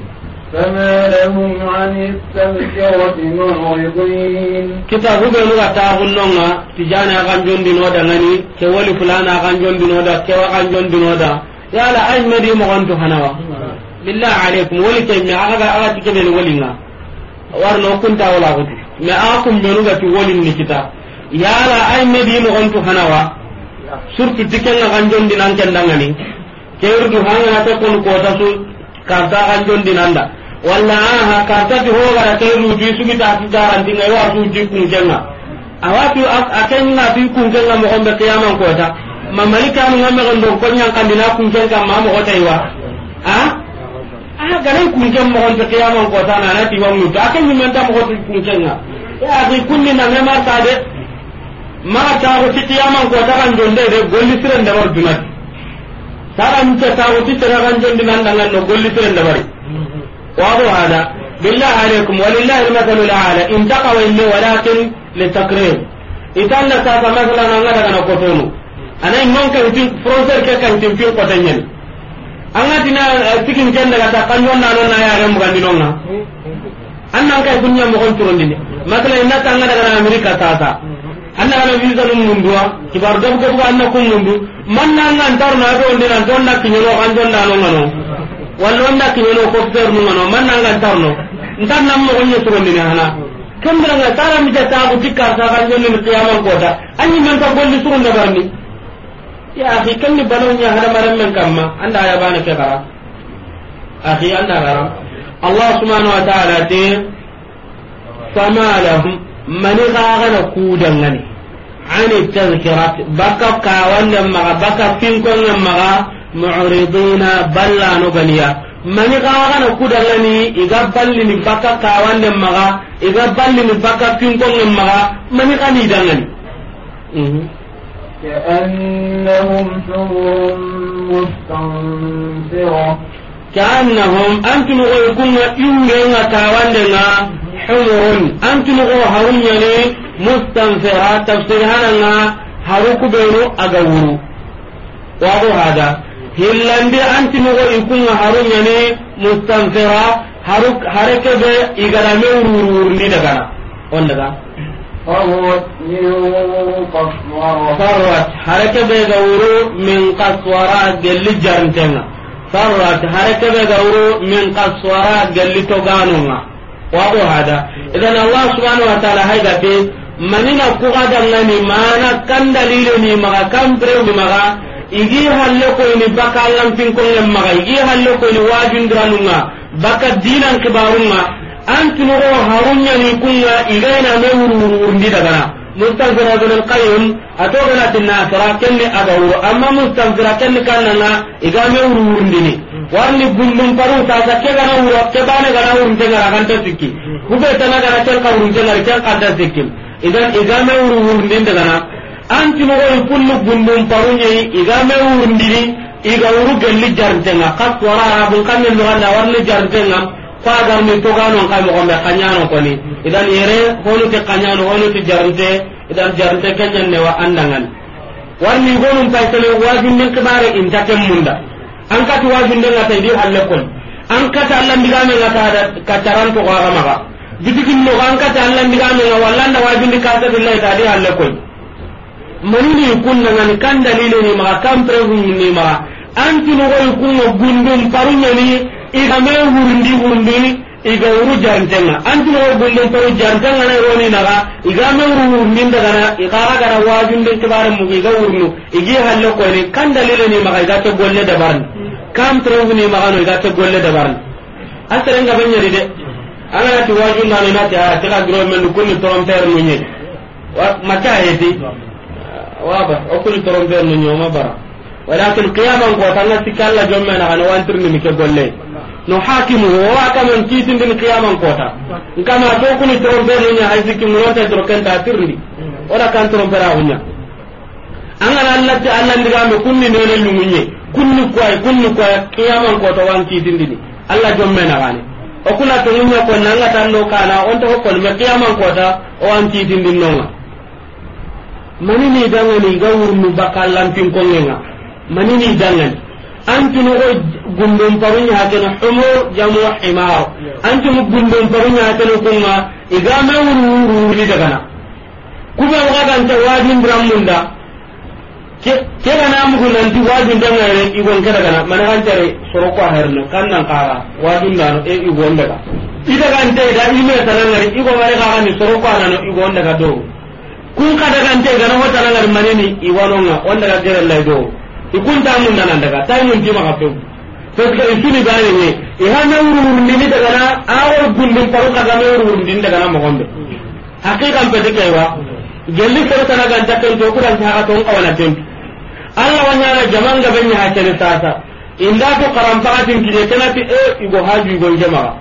فما لهم عن التذكرة معرضين كتاب بلغة تاغلنا تجانا غنجون دينودا غني كولي فلانا غنجون دينودا كوا غنجون دينودا يا لا أي مدي مغنتو wali بالله عليكم ولي كمي أغا أغا تكبين ولينا warno kun ta wala gudu me a kun ga ti wolin ni kita yala ay me di mo on to hanawa surtu diken ganjon dinan kendangani kewru du hanga ta kun ko ta su karta ganjon dinanda walla aha kartati hogara ke ruju ta ti garantinga iwa suji kunkenga awatu na ti kunkenga mogonɓe kiyaman kota ma malikanuga megen dor konyankandina kunken kam ma mogotaiwa a na garai kunken mogonte kiyaman kota nanatiwa mutu ake ñimenta mogoti kunkenga e na ne ma ta de ti taxuti ko ta kan jonde de golli siren dabar dunati sara nce ti sera kan da nandangan no golli da dabari وابو هذا بالله عليكم ولله المثل الاعلى ان تقوا إلي ولكن للتكريم اذا لا تاتا مثلا انا انا كوتونو انا من كان في فرونسر كان كان تين فين كوتنين انا تنا تكين كان لا تا كان يونا نونا يا رم غاندينونا anna an kay dunya mo kontrol ni makala inna tanga daga amerika tata anna kana visa num mundua kibar dab ko anna kum mundu man nan nan tar na do ndina don na kinyo an don na no ngano walla onda kineno ko fer n'o ngano man nanga tarno ndan nam mo onyo turo mina hana kambira nga tara mi jata bu tikka sa ga jonni mi tiyama ko da anyi man ta golli suru na barni ya akhi ni balon ya hada maran men kamma anda ya bana ke bara akhi anda gara allah subhanahu wa ta'ala te sama lahum mani ku kudangani ani tazkirat baka kawanda maga baka finkon maga mu'ridina balla no ganiya mani kawa kana kudalani iga balli ni baka kawande maga iga balli ni baka pinkong كأنهم حمر مستنفرة كأنهم أنتم غيكم يومين كاواندنا حمر أنتم غوهرون يعني مستنفرة تفسيرها لنا هروك بينو أغورو وهذا hillandi antimogo ikunga haru harunyani mustanfira hareke be igadame wurwurni dagana on daga farrat hareke be ga wuru min kaswara gelli jarintenga farrat hareke be ga wuru min kaswara gelli toganonga wado hada idan allah subhanahu wa ta'ala haygate manina kugadangani mana kan dalile ni maga kan preu ni maga igi halle ni baka allantinkongen maga igi halle koyni wajundiranunga baka dinan kibarunga antinugo harunyani kunga igainame wurwurwurndi na mustanfira bin alqayyim ato ganati nasara kenni agawuro amma mustanfira kenni kannanga igame wurwurndini warni gullum paru sasa ke gana wuro ke bane gana wurunte gara kan kanta sikki hube na gara ken ka wurunte gara ken kanta sikki idan igame daga na. anti mogoyi kullu gundum parunye me wurndiri iga wuru gelli jarntenga kas wara arabun kanne luganda warni jarntenga ko agarni toganon kay mogombe kanyano ni idan yere ke kanyano ke jarnte idan jarnte ne wa andangan warni gonum wajin min kibare in ken munda an kati den ata di halle kon an ka kata allandigame ngata katarantogo agamaga n'o an ka da di ka ta billahi ta di halle kon manini kunna ngani kan dalile ni maka kan preuve ni maka anti no goy kunno gundum parunya ni iga me hurundi hurundi iga uru jantenga anti no gundum paru jantenga na roni naga iga me uru hurundi daga na iga raga na wajunde kibare mu iga urnu igi hallo ko ni kan dalile ni maka iga to golle da barn kan preuve ni maka no iga to golle da barn asarenga banyari de ana ti na ni na ah, ta ta gro ni kunni tromper munye maka yeti waba okuni toron ber no nyoma bara walakin qiyaman ko tanga sikalla jomme na kana wantir ni ke golle no hakimu wa waka man kitin din qiyaman ko ta ngama to kuni toron ber no nyoma hayziki mulota to ken ta tirni ora kan toron bara hunya angara allah ti allah ndiga me kunni ne ni munye kunni ko ay kunni ko qiyaman ko to wan kitin din allah jomme na kana okuna to nyoma ko nanga tan no kana on to ko me qiyaman ko ta o an kitin din no mani ni dangani ga wurnu bakallan pin kongenga mani ni dangani antunu ko gundum parunya hakeno humur jamu himar antunu gundum parunya hakeno kunga iga me wuru wuru ni dagana kuma wa kan ta wajin bramunda ke ke kana mu kunan ti wajin dangare igon kada kana mana kan tare soroko ko herno kan nan kara da no e igon daga ida kan te da ime tarangare igon mare ka ni soroko anano nan igon daga do kun kada kan te gana hota na ngar manini nga onda ga gere lai do kun ta mun nan daga ta mun ti maka pe to ka ni ba ne i ha na wuru mun ni daga na awar gundum paru kaga me wuru din daga na mo gonde hakikan pe de kai wa gelli ko ta daga ta kan to ku dan ta ga to ka wala den Allah wanya na jaman ga benya ha ta ta inda ko karam pa tin ki de kana ti e go haju go jama'a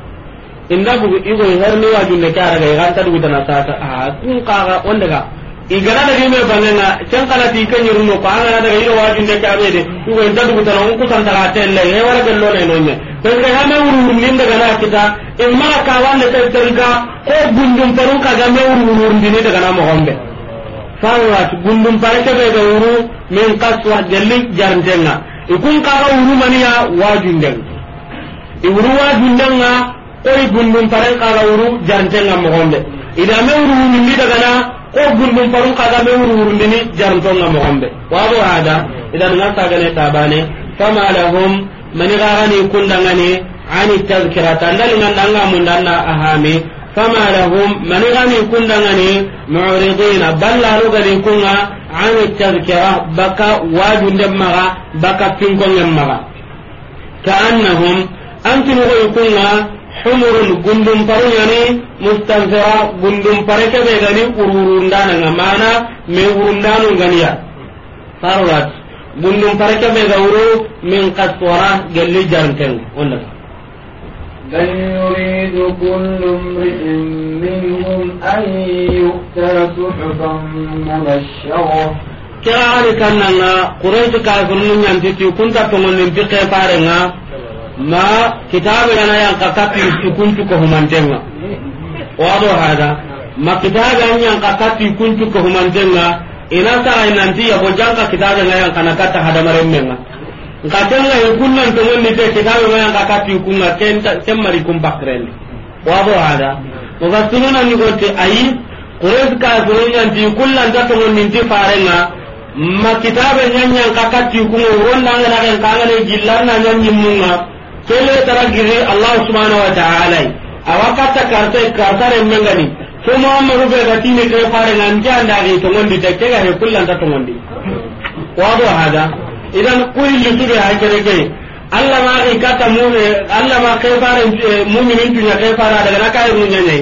inda i go har ne waju ne kara ga ga ta du ta sasa a ah, kun ga wanda ga igana da dime banena can kana ti kan yurno ko an na da yiro wajin da ka be de ko en da dugu tan ko san ta telle he wala gel lo ne no ne ko ga ha me uru min daga na kita in e ma ka wanda ta tarka ko gundum paru ka ga me uru wuru dine daga na mo hombe fawat gundum pare ka be ga wuru min qaswa gelli jarndenga ikun e ka ga wuru ya wajin den i e wuru wajin den ko gundum pare ka ga wuru jarndenga mo hombe ida me uru min daga na ko gundum parun kaga me wuru wuru ndini jarum to ngam gombe wa bo hada idan ngal saga ne tabane fama lahum man garani kundangani ani tazkirata ndal ngal danga mun danna ahami fama lahum man garani kundangani mu'ridina balla lu gani kunga ani tazkira baka wajundem maga baka pinko ngem maga ka'annahum antum goykunga humurun gundum paruñani mustanfira gundum pare keɓe gani ururundananga mana min urundanunganiya sarurat gundum pare keɓe ga wuru min kastora gelli jarntenga wondaga بل يريد كل امرئ منهم أن يؤتى صحفا منشرة كرا عليك أننا قريت كافر من ينتهي كنت تمنى بقى فارنا ma kitabu yana yang kaka ti kuntu ko humantenga wado hada ma kitabu an yang kaka ti kuntu ko humantenga ina sara nanti ya bojanga kitabe na yang kana kata hada marenga nkatenga yukunnan to ngonni te kitabe ma yang kaka ti kunga kenta kemari kumbakren wado hada mufassiruna ni gote ayi quraysh kafirun yanti kullan ta to ngonni ti farenga ma kitabe nyanyan kaka ti kunga ronda ngana kan kangane jillarna nyanyimunga kele tara giri allah subhanahu wa ta'ala awa kata karta karta re mengani to mamma be da tini ke fare nan jan da ri to ngondi te ke ga he kullan ta to ngondi wa do hada idan kuri su be hakere ke allah ma ri kata mu allah ma ke fare mu'minin tunya ke fara daga na kai mun ne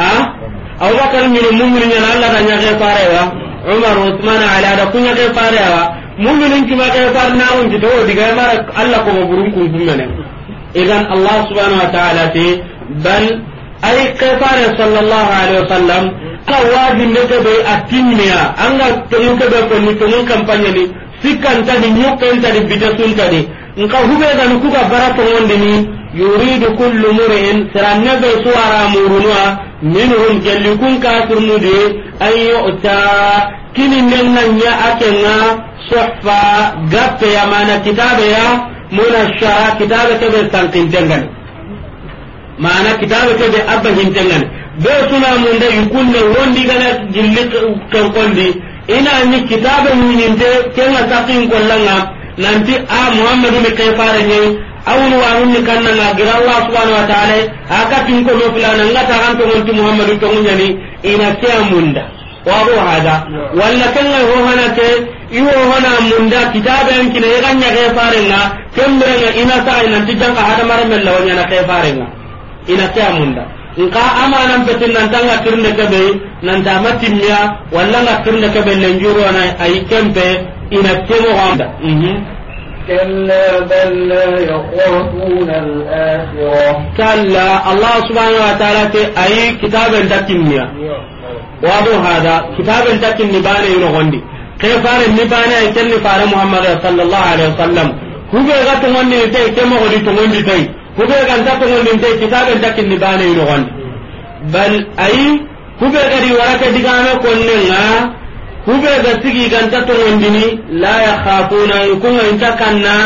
ha abubakar min mu'minin yana allah da nya ke fare wa umar usman ala da kunya ke fare wa muminin kima kay na wun ji dawo diga mara Allah ko burun kun ne idan Allah subhanahu wa ta'ala te bal ay kafara sallallahu alaihi wasallam ka wajin ne be atinniya anga to yuke be ko ni to mun kampanye ni sikan ta ni nyukken ta ni bidasun ta ni ka hube ga ku ga bara to wonde ni yuridu kullu mur'in saranna be suwara murunwa minhum jallikun kafirnu de ayyo ta nan nan ya akenga soffa gappe ya mana ya muna shara ke be sankin tengan mana kitabe ke be abba hin tengan suna mun da yukunne wondi gana jilli kan kondi ina ni kitabe munin te kenga sakin kollanga nanti a muhammadu me kai fara ne awun wa mun ni kanna na gira allah subhanahu wa ta'ala aka tin ko no fulana ngata kan to mun muhammadu to mun ina munda hana ke iwo hona munda kitabe an kina ya ganya ke nga kembere nga ina sa ina tijan ka hada mara mella wanya na ke nga ina ta munda nka amana betin nan tanga kirnde kebe nan ta matimya walla na kirnde kebe lenjuro na ay kempe ina temo wanda mhm كلا بل لا يخافون الآخرة كلا الله سبحانه وتعالى أي كتاب تكنيا واضح هذا كتاب تكني باني ينغندي ke fare ni bana en ken ni fare muhammad sallallahu alaihi wasallam hube ga to ngonni te ke mo godi to ngonni te hube ga ta to ngonni te kitabe dakin ni bana ni gon bal ku hube ga di waraka diga me konne nga ku hube ga sigi ga ta to ni ni la ya khafuna kunga intakanna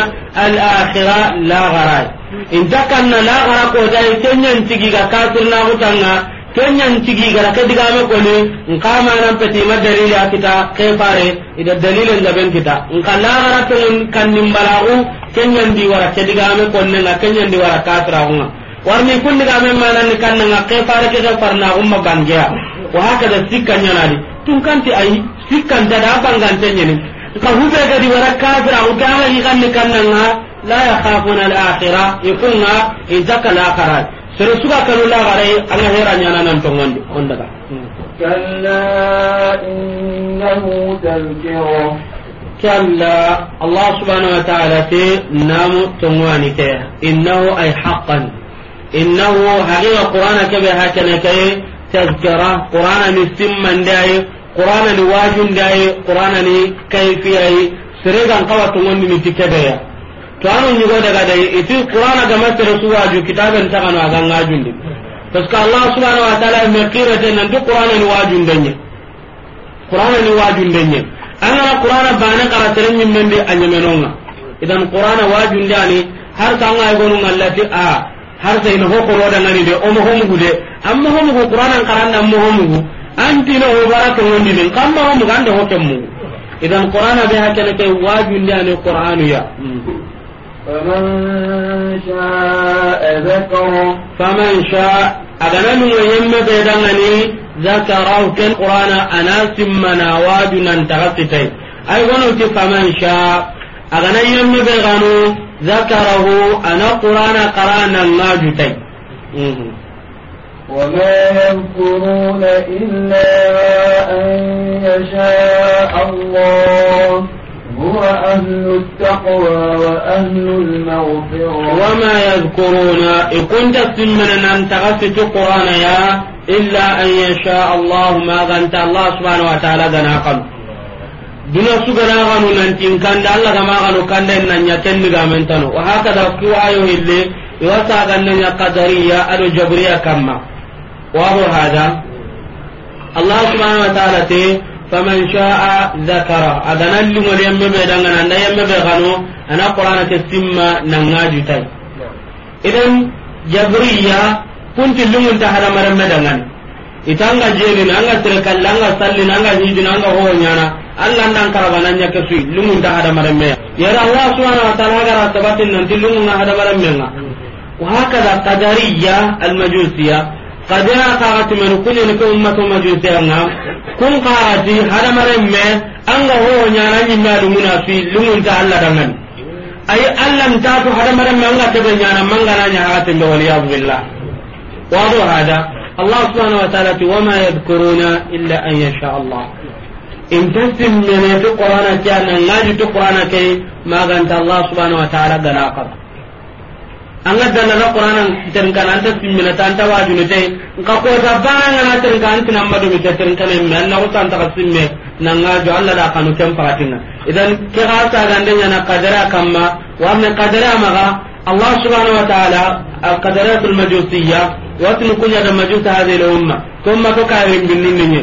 al akhira la in gharai intakanna la ghara ko dai kenyan tigi ga kafir na hutanga kenyan tigi gara ka diga me ko ne in ma nan peti ma dalili akita ke fare ida dalilin da ben kita nka ka la gara to in kan nim balagu kenyan di wara ke diga me ko ne na kenyan di wara ka tra hunga warni kun diga me ma nan kan na ke fare ke ga farna umma bangiya wa haka da sikkan yana di tun kan ti ai sikkan da da bangan tenye ni ka hube ga di wara ka tra u ga ga ni kan na la yakhafuna al-akhirah ikunna in zakal akhirat tere suka kanu la gare anga hera nyana nan to ngondi on daga hmm. kalla innahu tadhkira kalla allah subhanahu wa ta'ala te namu to ngani ke innahu ay haqqan innahu haqiqa qur'ana ke be hakana ke tadhkira qur'ana ni simman dai qur'ana ni wajun dai qur'ana ni kayfiyai sere gan kawatu ngondi ni tikede ya to anu ñigo daga dai iti qur'ana gama sere suwaju kitaben tagano aga ngajundi parce que allah subhanahu wa taala me qirate nanti qur'ana ni wajundenye qur'ana ni wajundenye angana qur'ana bane kara sere ñimmendi a ñemenonga idan qur'ana wajunde ani har sanga egonu ngallati a har sayno ho korodangani de omo homugu de amma homugu qur'anan karanda gu homugu antino ho baraka wondini kamma homugu anda ho kemmugu idan qur'ana be hakkene ke wajunde ani qur'anu ya فمن شاء ذكره فمن شاء أغنى من يمد يدمني ذكره كالقرآن أنا سمنا وادنا انتغطتين أي غنوك فمن شاء أغنى يمد غنو ذكره أنا قرآن قرآن الناجتين وما يذكرون إلا أن يشاء الله هو أهل التقوى وأهل المغفرة وما يذكرون إكون تسمنا أن تغفت قرآن يا إلا أن يشاء الله ما غنت الله سبحانه وتعالى ذناقل faman sha'a zakara agana lingo de yambe be na anda yambe be gano ana qur'ana ke simma nanga jutai idan jabriya kunti lingo ta hada maramme dangana itanga jeri nanga tirkal langa salli nanga hiji nanga ho nyana allah ndan bana nya ke sui lingo ta hada maramme yara allah subhanahu wa ta'ala gara tabatin nan lingo na hada maramme nga wa hakada qadariya al majusiya kadira kaxati menu kuñeni ke ummato majusenga kun kaxati hadamaren me anga hoho ñana ñimme adumuna fi lungunta allah dangan ayi allah ntatu hadamaren me anga keɓe ñana mangana ñaxatembe waliyadu billah wado hada allah subhanau wa taala ti wama yadkuruna illa an yasha allah in inta simmeneti qur'ana ke anangajuti qur'ana ke maganta allah subhanau wa taala gana kaba anga dana na qur'anan terkan anta simmina ta anta wajunu e tay ka ko ta bana na terkan anta namma do ta terkan me na ko ta ka na nan ga jo Allah da kanu kan faratina idan ke ha ta gande na qadara kamma wa amma qadara maga Allah subhanahu wa ta'ala al al majusiyya wa tun kunya da majus hadhihi al-umma kuma to ka rin binnin ne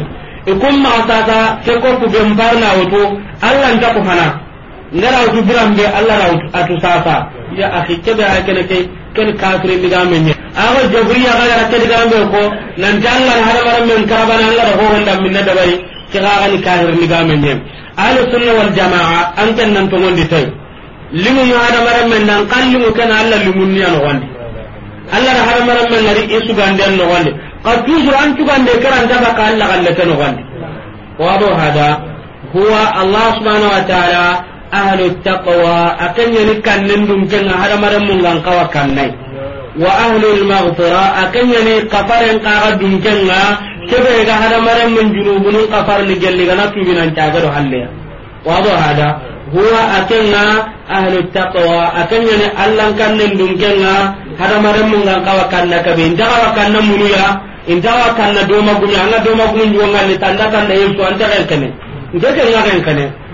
ikum e ma ta ta ke ko ku bembarna wato Allah ta ku hana ngara utu birambe allah na atu sasa ya akhi kebe ha kene ke ken kafir ndiga menye ago ya ga gara kedi gambe ko nan jalla hada maram men karabana allah ho honda minna dabari ke ga ni kafir ndiga menye ahlu sunna wal jamaa an kan nan to di tay limu mu hada maram men nan kallimu kana allah limun ni an wandi allah da hada maram men nari isu gande an wandi qad tujur an tugande karan ba ka allah galle tan wandi wa do hada huwa allah subhanahu wa ta'ala ahlu taqwa akan yani kannen dum kenga hada maram mun gan kawa kannai wa ahlu al-maghfira akan yani qafaren qara dum kenga kebe ga hada maram mun junubun qafar ni gelli gana tu binan caga do halle wa do hada huwa akenga ahlu taqwa akan yani allan kannen dum kenga hada maram mun gan kawa kanna kabe indawa kanna munuya indawa kanna do magunya anga do magunya jonga tanda tanda yesu antaka kenne kene ngaka kenne kene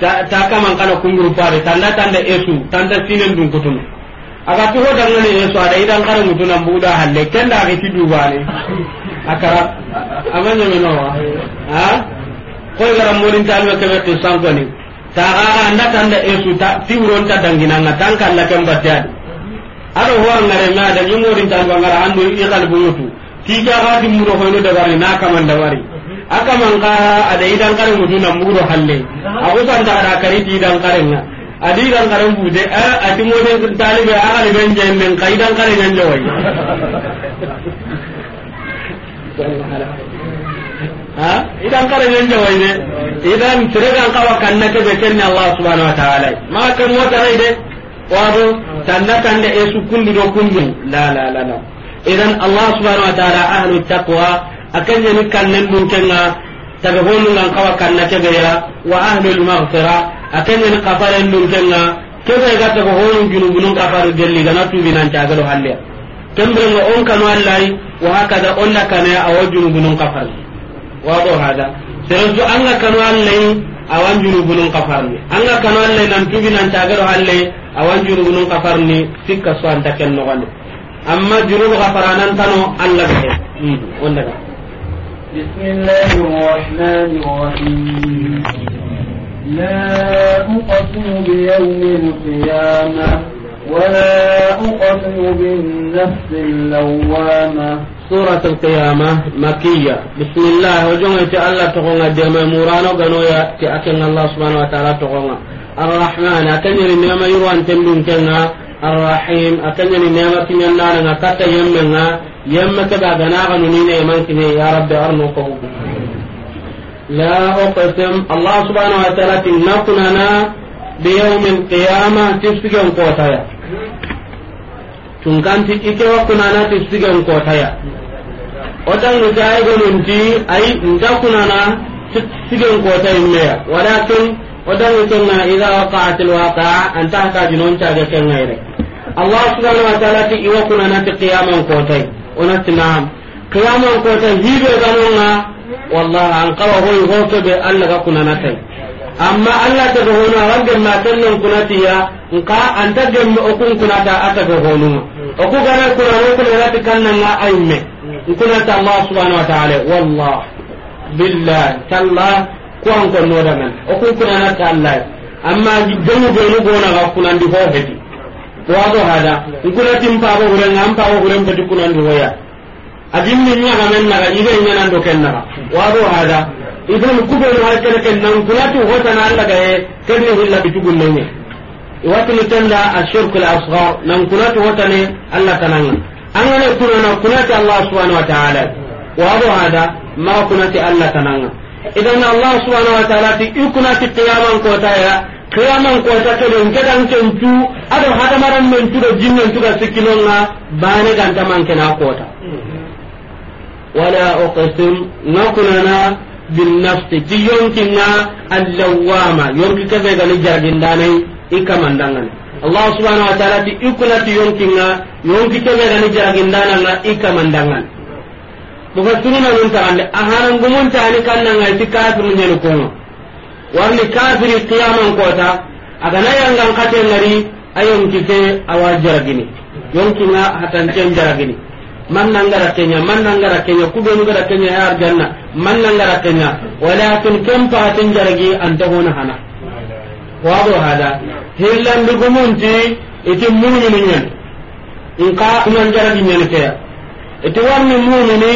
ta kaman kana kunguru pare tanda tanda esu tanda sinen dun kutun aga to ho ne esu ada idan kana mutuna buda halle kenda ga ti dubane akara amanya no ha ko gara molin talwa kebe to sangoni ta ga anda tanda esu ta tiuron ta dangina nga tangka la kan tiad aro ho ngare na da nyumorin ga ngara andu i kalbu mutu ti ga ga ho ne da bari na da bari aka manka ada idan kare mu dinan muro halle san da ara kare ti idan kare A adi idan kare de. a ti mo den talibe a kare ben je men kai idan kare ngan wai ha idan kare ngan wai ne idan tiregan kawa na ke be kenni allah subhanahu wa ta'ala ma kan mo tare de wado tanna tande e su kundi do kundi la la la la idan allah subhanahu wa ta'ala ahlu taqwa akan yani kannen dun kenga daga honu nan kawa kanna kebe ya wa ahlul maghfira akan yani qafaren dun kenga kebe ga taga honu junubun qafaru gelli ga tu binan ta do halle kembre ga on kanu allai wa on da kana wajin junubun kafar wa do hada an anga kanu allai awan kafar ne ni ga kanu allai nan tu binan ta do halle wajin junubun kafar ni sikka an ta ken no amma juru ga faranan tano allah be hmm, on daga بسم الله الرحمن الرحيم لا أقسم بيوم القيامة ولا أقسم بالنفس اللوامة سورة القيامة مكية بسم الله وجمعة الله تقوم الدم مورانو قنويا تأكلنا الله سبحانه وتعالى تقوم الرحمن أكنر النعمة يروان تندون كنا الرحيم أكنني نعمة ينانا نكتا يمنا يمك بعدنا غنونين يمنك يا رب أرنو قوم لا أقسم الله سبحانه وتعالى نقننا بيوم القيامة تسجن قوتايا tunkanti ike wakunana ti sigen kotaya otan nuti ay gonunti ay nta kunana ti sigen meya walakin otan nuti nga ida waqa'at alwaqa'a anta haka jinon caage kengayre allah subhanahu wa ta'ala ti iwa kuna nanti qiyaman kotai onati naam qiyaman kotai hibe ganonga wallahi an qawa hoy be allah ga kuna natai amma allah ta ga hono ya in ka an ta ga mu okun ta ata ga honuma oku na kuna no kuna nati kannanga kuna ta allah subhanahu wa ta'ala wallahi billah tallah ko an ko nan okun ta allah amma jamu ga kuna kunandi ho hedi wago hada nkuna tim pago men naga ibe ken naga hada idan ken kuna tu hota na Allah ga ken ni hilla ni tanda ashirku al asghar kuna tu hota ne kuna na kuna ta Allah subhanahu wa ta'ala hada ma kuna idan Allah subhanahu wa ta'ala ti ikuna ti qiyaman ko ya kiyaman kota kedo nkedan kencu ado hadamaran men tu jinnen cuga sikkinonga bane dan ganta kena kota wala uqsim nakunana binnafsi ti yonkinga allawama yonki ke kebe gani jargindanai ikamandangani allah subhanau wa taala ti ikunati yonkinga yonki yonki ke na kebe gani jargindananga ikamandangani mufassiruna nun tagande ahanangumun tani kannanga ti kafirñeni konga warni kafiri qiyaman kota na yangan kate ngari ayon kite awa hatan yonkinga hatancen jaragini man nangara kenya man nangara kenya kubenu gara kenya ya arjanna man nangara kenya walakin kam patin jaragi anta hona hana wado hada hillan dugumunti iti mu'minin inka nan jaragi nyen ke iti warni mu'mini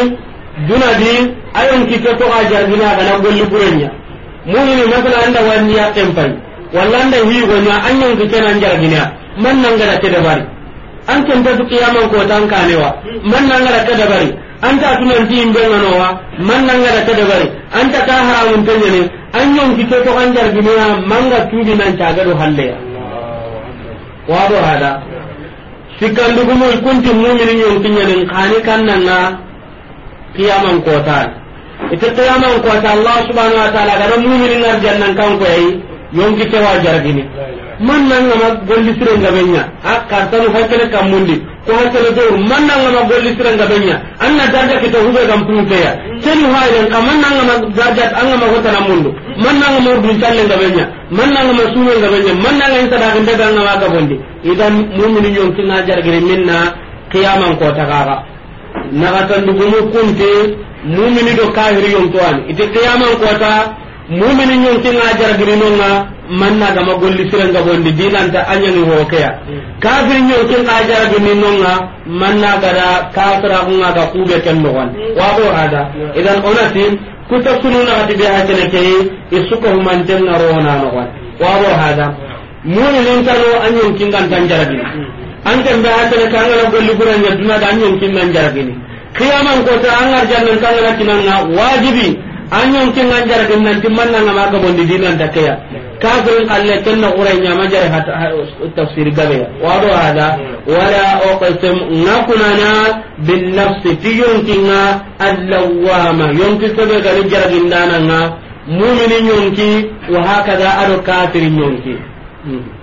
dunadi ayon kite ko ajargina kana golli burenya mu'mini masala anda wani ya tempai walla anda wi go nya anyon ke kenan jara ginya man nan gara ke dabari an kan da ya man ko tan kanewa man nan gara ke dabari an ta tunan ti imbe wa man nan gara ke dabari an ta ta haramun tanya ne anyon ki to to kan jara ginya manga tudi nan ta do halle ya wa do hada sikandugumoy kunti mumini ñonkiñanin kani na kiyaman kota. ita iti qiyaman ta allah subhanahu wa taala ga muminin jannan kan arjannan kankoyayi yonki wa jaragini man nan nangama golli ga sirengabenya a kartanu hakkele mundi ko ha hakkele do man nan nangama golli ga benya sirengabenya anna darja kito hube gam puuteya ha hayren ka man nan daga nangama darjat angama hotana mundu man nan nangama ga benya man nan ga benya man nan ta nanga in sadakindega angama bondi idan muminin yonkina jaragini minna qiyaman kota kaga mu kunti mumini do kafiri yontoani iti qiyaman kota mumini ñonkinga jaragirinonga manna gama golli sirenga bondi dinanta añani hokeya hmm. kafiri ñonkinga jaragininonga manna gada kafirakunga ga kuɓe ken nogon waɓo hmm. hada hmm. idan onati kuta sununagati ɓe hakene keyi i sukahumantenga roona nogon waɓo hada muminintano a ñonkingantan jaragini an ken ɓe hakene kangana golli ɓuranya dunada a ñonkinnan jaragini kiyaman kota an na kangana na wajibi an yonkin an jaragen nan timman nan ma ga bondi dinan ta kaya kafirin kalle tan na urai nya ma jare tafsir gabe wado hada wala uqsim nakunana bin nafsi ti yonkinga allawama yonkin sabe ga jaragen nan nga mu'minin yonki wa hakaza ado kafirin yonki hmm.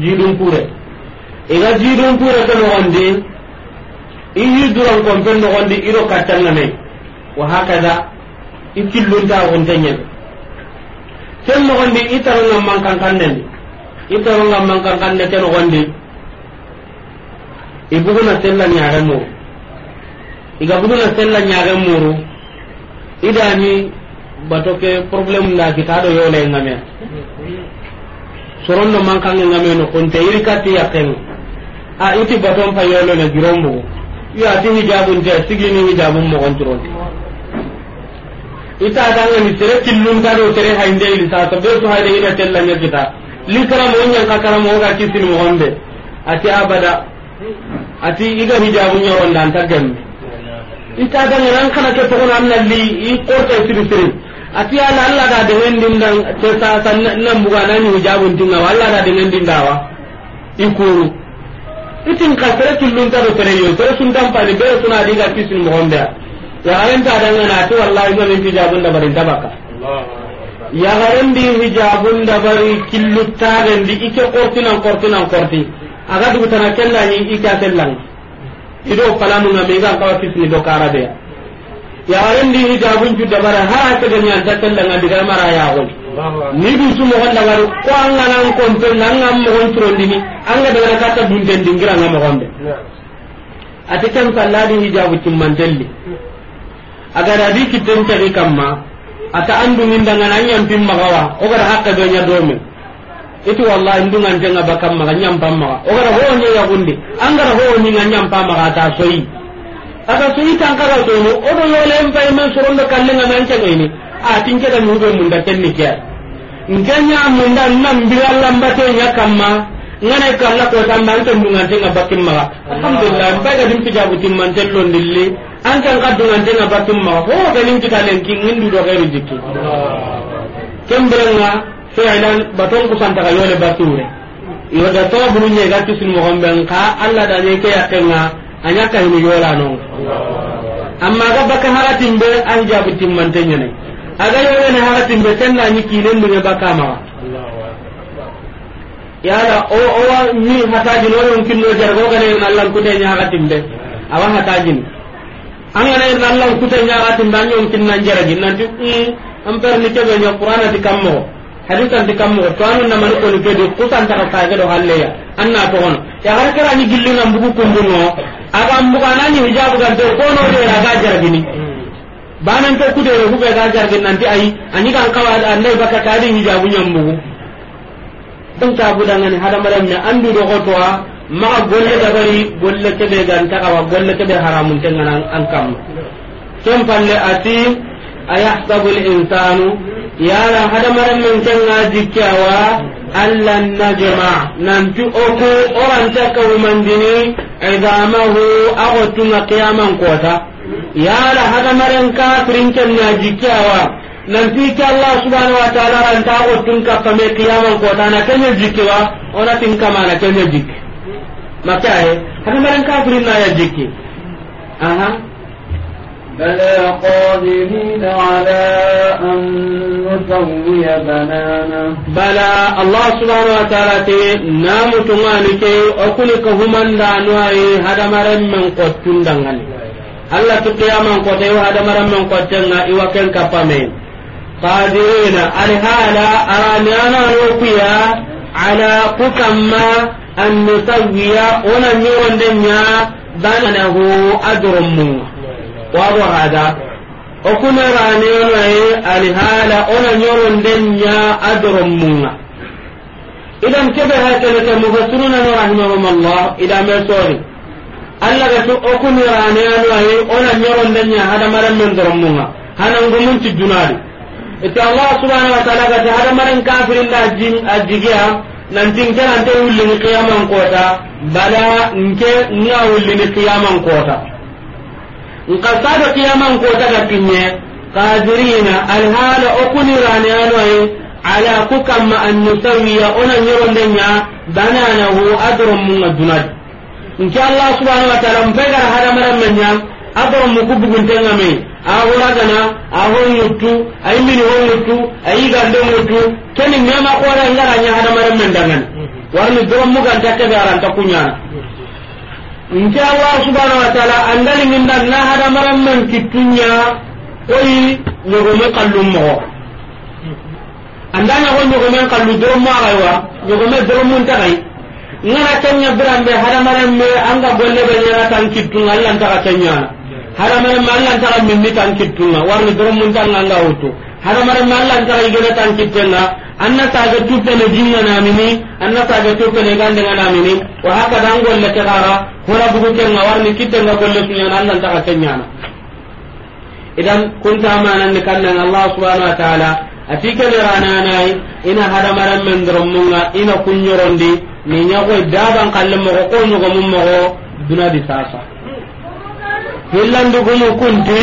jidun kure iga jidun kure ke nogondi iyi duran kompe nogondi ido kattangame wa hakaza i killunta guntenyen ken nogondi i taronga mankankandendi i taronga mankankande ke nogondi i buguna sella ñaage muru iga buguna sella ñaage muru idani batoke problème nda kita do yolengamea soronno man kange ngame no konte iri kati ya yaken a ah, iti baton payolo na girombo yo ati hijabun te sigini hijabun mo kontrol ita adanga ni sere killun ka do sere hainde ili sa to be to haide ina tella nya kita likara mo nya ka kara mo ga kisin mo honde ati abada ati iga hijabun nya ta antagam ita adanga nan kana ke to ko nan li i korta siri siri ati ala alla da de din dan te sa san nan buga nan ni din na walla da de din dawa ikuru itin kasere tullun ta da tere yo tare sun dan de be suna diga kisin mo honda ya garen ta dan na to wallahi zo min hijabun da barin tabaka ya garen di hijabun da bari ta den di ike korti kortinan korti aga dugu tana kella ni ike kellan ido kalamu na mega ka kisin do karabe yarendi hijabun cu dabara ha tege ñanta kellanga diga mara yaxon ni dusu mogon dagari ko an ga anga mogon curondini anga dagara katta dunten dingiranga mogonɓe ati ken salladi hijabu cimmantelli agada di kitten cagi kamma ata andungindangana a ñampin maxawa ogada hakke do domen iti wallahi ndungantenga bakam maxa ñampan maxa ogada howoñe yaxundi angara howoñinga ñampa maxa ata soyi aka suyi tankara doni odo yole en pay men sorondo kallenga an ke ni a tinke da nudo mun da kenni ke nganya mun da nan bi Allah mbate nya kamma ngane kala ko tan nan tan dunga tinga bakin ma alhamdulillah mbay ga dim jabu tim man tello ndilli an kan ka dunga tinga bakin ma ho ga nim tikalen ki ngindu do gairu jikki kembrenga fi'lan baton ku santaka yole bature yo da to burunya ga tisin mo gomben ka Allah da ne ke yakenga anya ka hinu yola no amma ga baka haratin be an jabu timmanten ne aga yola ne haratin be tan na nyiki len ne baka ma yala o o wa ni hataji no non kinno jargo ga ne Allah ku te nya haratin be awa hataji an ga ne Allah ku te nya haratin be anyon kinnan jaragi nan ti am mm, per ni kebe nya qur'ana ti kammo hadisan ti kammo to anu na man ko ni kedi kusan ta ka ga do halleya anna to ya har kara ni gillu gillinga mbugu kumbuno aga mbuga anani hijabu gante kono dera ga gini banan ke kudere hube ga gini nanti ai ani kan kawa da annai baka tadi hijabu nyambugu dan ta bu dan ni hada maram ni andu do ko gotwa ma golle da bari golle kebe ganta kawa golle be haramun tengana an kam kem palle ati ayahsabu al-insanu yala hadamaren men kenga jikkiawa allan najma nanti oku oranta kawumandini idamahu agotunga qiyaman kota yala allah subhanahu wa taala kota na onatin kama na aha uh -huh. بلى قادرين على أن نسوي بنانه بلى الله سبحانه وتعالى نام تمانك أكلك همان دانوائي هذا مرم من قد دنغن Allah tu qiyaman ko tayo hada maram man ko tanga iwa ken kapame qadirina al hala arana no kuya ala kukamma an nusawwiya ona ni wondenya banahu adrumu wabo hada o kuna ranenoye alhala ona ñoronden a doronmunga idan keɓe ha kenete mufassirunano rahimahum allah idame allah o kuni ona hadamaren men doronmunga hanangumunti dunadi ete allah subhanau wa taala gati hadamaren kafirinda a jigiya nantin kenante wullini kiyaman koota bala nke nga wullini nka sado kiyaman ko daga kadirina qadirina alhala okuni rani anwaye ala ku kamma an nusawiya ona nyoronde nya bananahu adrum mun nke allah subhanahu wa ta'ala mbegar hada maram nya adrum mu ku bugun tenga me ahura gana ahon mutu ay min mutu ay gande mutu kenin ko ran hada maram mm-hmm. warni drum mugan ganta ke ta inke allah subhanahu wa taala andali min minda na hada maran man kittunya oyi nyogome kallum mogo andanya ko nyogome kallu dorom ma kaywa nyogome dorom mun ta kay ngana kenya birambe hada maran me anga golle be nyara tan kittunga allah ta kenya hada maran ma allah ta min ni tan kittunga warni dorom mun tan anga wutu hada maran Allah an tara igena tan kittenga anna saga tuppe le jinna namini anna saga tuppe le gande namini wa haka dan golle ke gara hora bugu ke ngawarni kittenga golle sunya nan nan taka na. idan kunta amanan ni kannan Allah subhanahu wa ta'ala atike le rananai ina hada maran men dromunga ina kunyorondi ni nyago daban kalle mo ko nyugo mum mo duna di sasa hillandu gumu kunti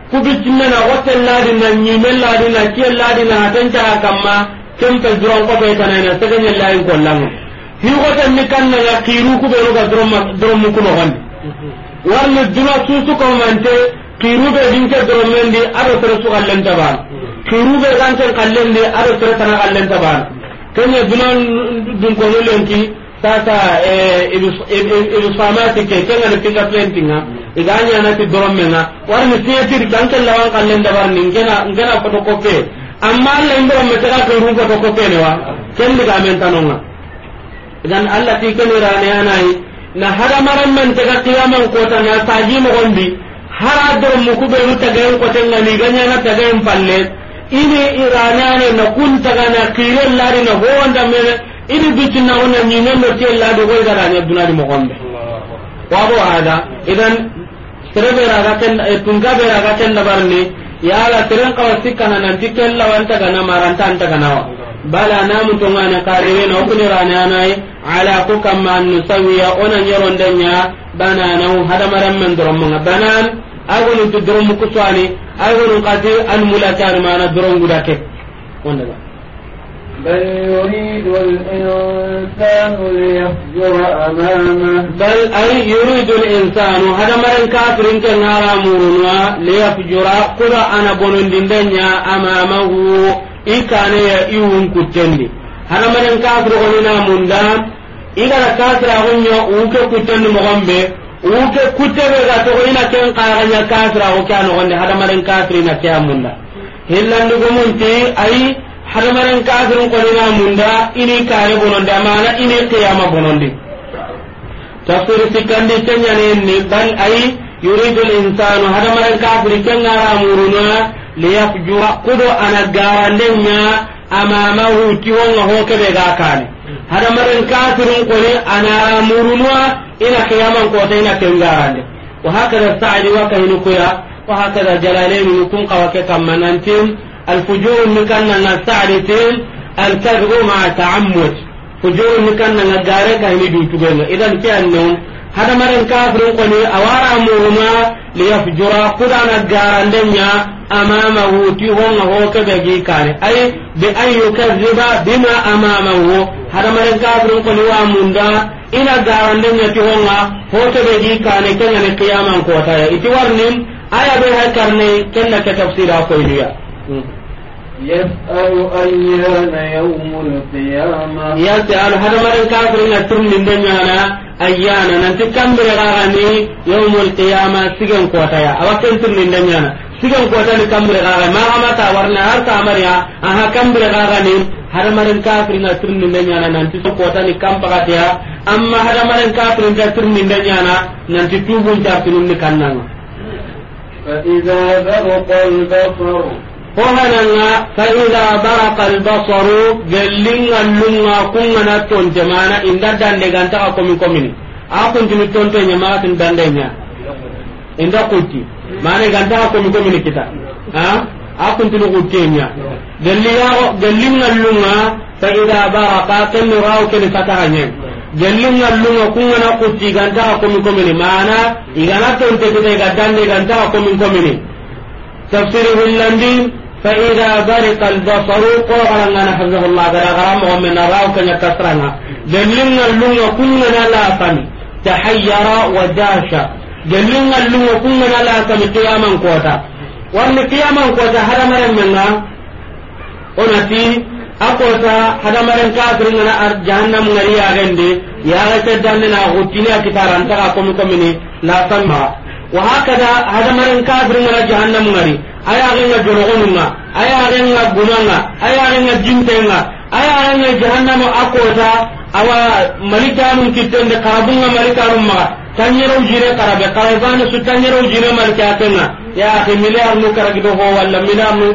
kubicinana woten ladina ñimen ladina kiyen ladina atencaha kamma kempe duron koɓetanana segeñe layin kollanga hiwoten ni ya kiru kuɓenuga dorommu kunogondi warni duna susukomante be dinke doromendi aɗo sere sugallentabana kirube ganten kallendi aɗo sere tana gallentabana kenya ta ta sasa ibis famati ke kengani figa plentinga mm -hmm. iga ñanati dorommenga ti setir kanke lawan ni ngena ngena ko ko ke amma allah in doromme tega ko ke ne wa ken diga men tanonga idan allah ti anai na men tega ko kota na saji mogondi hara ten na ni ganya na tega en palle ini ne na kuntaga na kiren lari na howondamene ini ducinnago na ñimen no ne ladi mo gondi wa bo hada idan sereberaga ken tungaberaga eh, ken dabarni yala seren kawa na nanti kella wantagana maranta wa bala namu tongana na okunerananayi ala ku kamma an nusawiya onan yerondenya bananahu hadamarenmen doromonga banan agonu du doromu kuswani agonu kati mulatar mana doronguda ke ondaga بل يريد الإنسان ليفجر أمامه بل أي يريد الإنسان هذا مرن كافر إن كان هرامونا ليفجر قرى أنا بنون دنيا أمامه إن كان يئون كتني هذا مرن كافر غنينا مندا إذا كافر غنيا وك كتني مغمبه وك كتبه غاتغينا كن قاغنيا كافر أو كان غني هذا مرن كافر إن كان مندا هلا نقوم أي hadamaren kafirin konina munda ini kare bonondi amana ini qiyama bonondi tafsir sikandi kenyanenni bal ayi yuridu linsanu hadamaren kafiri kengaramuruna liyafjura kudo ana garandenya amamahu tihonga hokebe ga kani hadamaren kafirin koni anaramurunua ina qiyaman kota ina kengarande wahakada sadi wakahinukuya wahakada jalalainu kun kawake kammanantin الفجور نكنا نستعرتين الكذب مع تعمد فجور نكنا نجارك هني دوتوبنا إذا كأنهم هذا مرن كافر قني أوارا مهما ليفجرا قد أنا جارندنيا أمامه تيهم هو كبجي كان أي بأن يكذب بما أمامه هذا مرن كافر قني وامندا ina garandenya tihonga hotebegi kane kenyani qiyaman kotaya iti warnin aya be hay karne kenna ke tafsira koynuya Hmm. يسأل أيان يوم القيامة يسأل هذا ما إن كافر إن ترم من دنيانا أيانا ننتي كم بلغاني يوم القيامة سيجن قوتايا أوكي ترم من دنيانا sigan kota ni kambure gaga ma ma ta warna har ta amariya aha kambure gaga ni hadamaren kafir na turni nan yana nan ti kota ni kamba gatiya amma hadamaren kafir da turni nan yana nan ti tubun ta turni kannan fa iza barqa al basar hohananga faida baraka albasaru gellingallunga kungana inda dandegantaka komi komini a kuntini dandeña inda kutti mana komi komini kita a kuntini kutteña gellingallunga faida baraka kenni keni fatahañen gellingallunga kungana kutti komi komini mana igana tonte kita iga dande komi komini tafsiri فإذا برق البصر قوغرا أنا حفظه الله غرا غرا مؤمن راو كان يكسرنا جلنا اللون كنا لا فن تحير وجاشا جلنا اللون كنا لا فن قياما قوتا وأن قياما قوتا هذا مرن منا ونتي أقوتا هذا مرن كافر من جهنم غريا غندي يا غتدنا غتنا كتارا أنت أقوم كمني لا فن wa hakada hada maran kafir mara jahannam mari aya arenga jorogonunga aya arenga gunanga aya arenga jintenga aya arenga jahannam akota awa malikanu kitende kabunga malikanu maga tanyero jire karabe karaibane su tanyero jire man katenga ya akhi miliar nu karagido ho wala miliar nu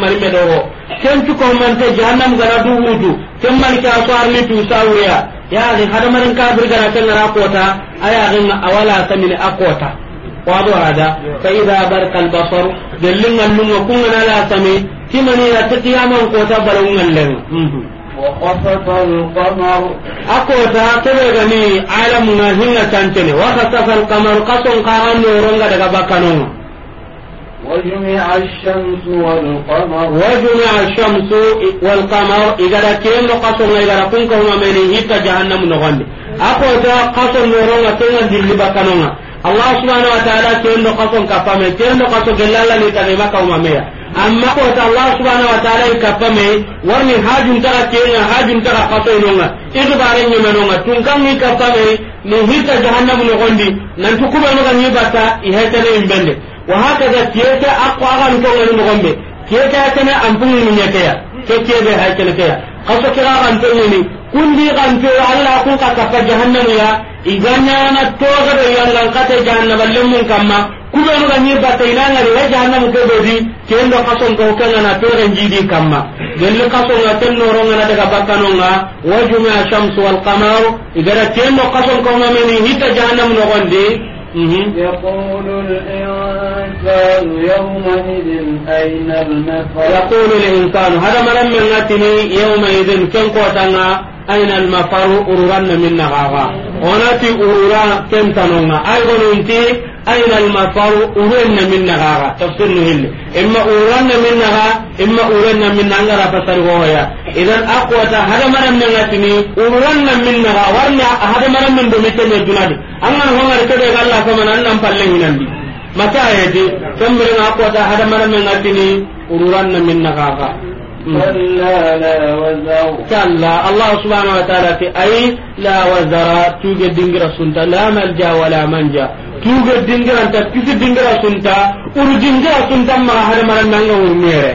mari medo ho ken tu ko man te jahannam gara du wudu ken man ka swar ni tu sawriya ya akhi hada maran kafir gara ken ra kota aya akhi awala samini akota wado hada fa idha barqa al basar dallin ngallu ko ngana la sami kimani ya taqiyama kota balungal len mhm. وخسف القمر أكو تهاتل غني عالم هنا تنتني وخسف القمر قصن قارن ورنغا دقا بكانون وجمع الشمس والقمر وجمع الشمس والقمر إذا كان قصر إذا كن كهما من هيتا جهنم نغني أقوى قصر نورون وكنا ذل بكنونا الله سبحانه وتعالى كان قصر كفامي كان قصر جلالا لتنبا كهما ميا amma ko ta Allah subhanahu wa ta'ala in kappa me warni hajun ta kenya hajun ta ka fato inonga ido bare nyeme nonga tun kan ni kappa me ni hita jahannam no gondi nan to kuma no kan ni bata i heta ne imbende wa haka hakaza tiyata aqwa agan to ngani no gombe tiyata kana ampungi ni nyakeya ke kebe haikele keya kaso kira kan to ni kundi kan to Allah ku ka kappa jahannam ya iganya na to ga do yang kan kata jahannam lemu kamma kubenu ga ni batta ina ngari wa jahannamu ke bodi kendo kason ko kanga na tore njidi kamma gelle kason na ten no ronga na daga bakkano nga wa jumia shamsu wal qamaru igara kendo kason ko ma meni hita jahannamu no gonde يقول الإنسان يومئذ أين المفر يقول الإنسان هذا مرمي الناتني يومئذ كن قوتنا aina almafaru ururanna minna gaga onati urura kentanonga aygonunti aina almafaru urenna minna gaga tafsir nu hilli imma ururanna minna ga imma urenna minna angara fasari hoya idan aqwata hada maram nangatini ururanna minna ga warna hada maram min domitene dunadi angan hongare kebe galla sama nan nan palle hinandi maka ayati kambere ngaqwata hada maram nangatini ururanna minna gaga كلا لا وزر كلا الله سبحانه وتعالى في أي لا وزر توجد دنجرة سنتا لا ملجا ولا منجا توجد دنجرة أنت كيف دنجرة سنتا ورجنجرة سنتا ما هذا مرنانغا ورميره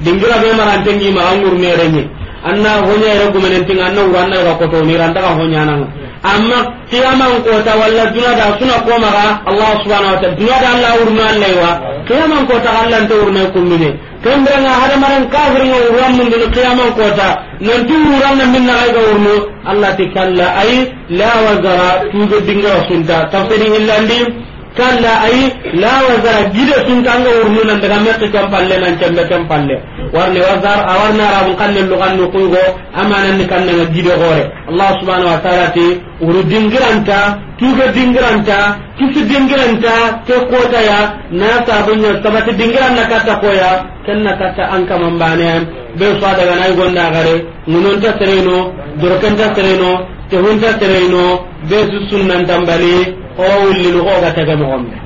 dingira be marante ngi ma angur ne renye anna honya re gumenen tinga anna uranna ga koto ni randa ga honya nan amma kiyama ko ta walla duna da suna ko allah subhanahu wa ta'ala duna da allah urna wa kiyama ko ta ta urna kullune kembrenga hada maran kafir mun kota nan tu minna ay ga urnu allah tikalla ay la tu sunta kalla ayi la wazara gide sun tanga urnu nan daga metti kan palle nan tembe kan palle warne wazar awarna rabu kallen lugan no kugo amanan ni kan nan gide gore allah subhanahu wa ta'ala ti uru dingiranta tuga dingiranta kisu dingiranta ke kota ya na sabunya dingiran na kata koya kan na kata an kaman bane be so daga nay gonda gare munon ta sereno durkan ta sereno te hunta sereno be su sunnan tambali o wullinu koga tege mogonɓe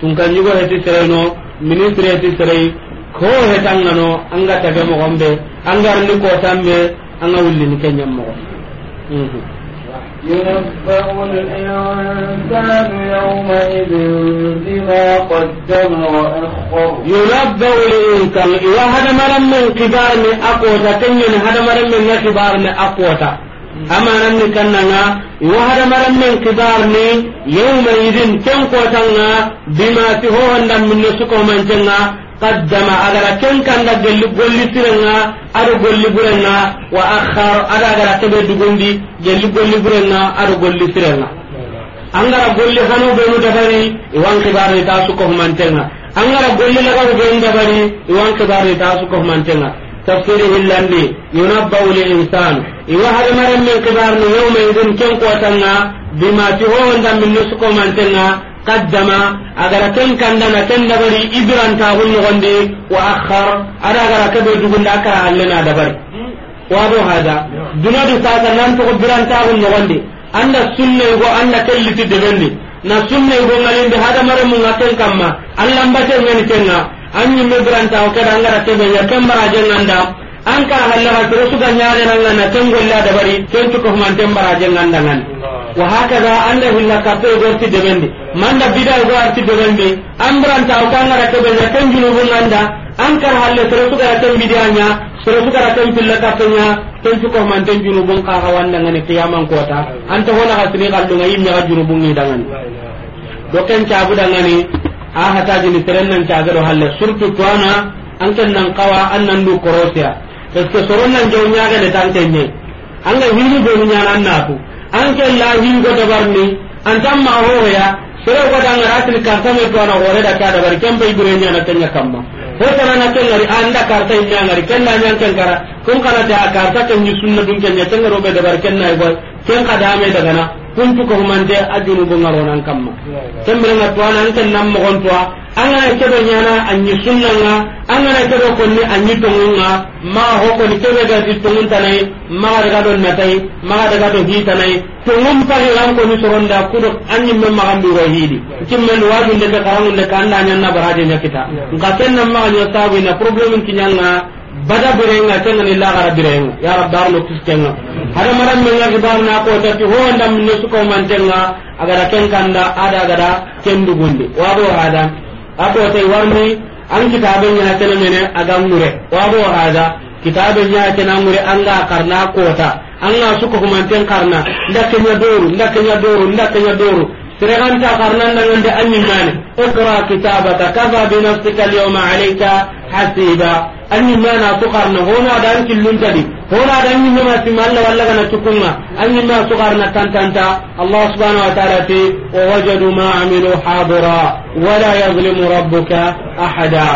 tunkanñigo heti sereno ministre heti serei ko hetangano anga tege mogonɓe angarni kotanɓe anga wullini keñen mogo ينبأ الإنسان يومئذ بما قدم وأخر ينبأ الإنسان إذا هذا مرم من amanan ni kannanga iwo hadamaren men kibar ni yawma idin ken kotanga bima ti ho hondan minne sukomancenga qaddama agara ken kanda gelli golli sirenga aɗo golli burenga wa akhar aɗa agara keɓe dugundi gelli golli burenga aɗo golli sirenga angara golli hanu benu dabari kibar kibarni ta su man sukohumantenga angara golli lagaru benu dabari kibar kibarni ta su man sukohumantenga تفسيره اللندي ينبأ الإنسان يوهر مرم من كبار يوم إذن كن قوتنا بما تهون من نسكو من تنا قدم أغرى كن كان دنا كن دبري إبران تاغل نغندي وأخر أنا أغرى كبير جبن أكرا لنا دبري واضح هذا دنا دو ساتا نان تغو بران تاغل نغندي أن السنة يغو أن تلتي دبندي na sunne go ngalinde hada mare mun ngaten kamma allah mbate ngani tenna an yi migran ta ko da ngara tebe ya kan marajen nan da an ka halla ka turu suga nyaare nan na tan golla da bari tan to ko man tan marajen nan da nan wa haka da an da hilla ka to gorti de bende man da bida go arti de bende an bran ta ko ngara tebe ya kan junubu nan da an ka halla turu suka tan bidanya turu suka tan pilla ka tanya tan to ko man tan junubun ka hawan nan ne kiyaman ta an ta hona ka tini kallu ngai mi ga junubun ni dangan do ken cabu dangani a hata jini ta cagado halle surtout toana an ken nan qawa an nan du korosea parce que soronnan jaw ñagane tan ga hinu hilni nya nan an naatu an ke la ni. an antan ma hohoya sere gota ngara tini kartame toana hore ke a dabari ken pay bure ñana kenya kamma hotanana kengari anda karta immeangari na ñan ken kara kun ta a ta ken ñi sunna dun kenya kengaroɓe dabari kennayi da ken daga na. kuntu ko humante a junubu ngaronan kamma kembirenga tuwana an ken nan mogon tuwa an gana nyana an a ñi nga. an gana keɓe an a to nga. maga ho koni keɓe gati tonguntanayi maga daga ɗo natayi maga daga ɗo hitanayi tongum pagi an koni ku kuɗo an ñimme magan ɗuro hiidi kimmen wajunde ke karangunde ka anda ñanna baraje ñakita nka ken nan maga ño sabuina nya nga. bada birenga tengani lagara birenga ya rab darno kiskenga ada maran menga bar na ko tati ho ndam nusu ko mantenga agara kanda ada agara kendu gundi wabo hada ako tay warmi an kitabe nya tele mene aga mure wabo hada kitabe nya tele mure anga karna kota anga suko manten karna ndakenya doru ndakenya doru ndakenya doru سرغنت nan عند anyi ماني اقرأ كتابك كفى بنفسك اليوم عليك حسيبا anni mana sukarna hona dan killuntadi hona dan ni ma ti malla walla kana tukunga anni ma sukarna tantanta allah subhanahu wa ta'ala ti wa wajadu ma amilu hadira wala yadhlimu rabbuka ahada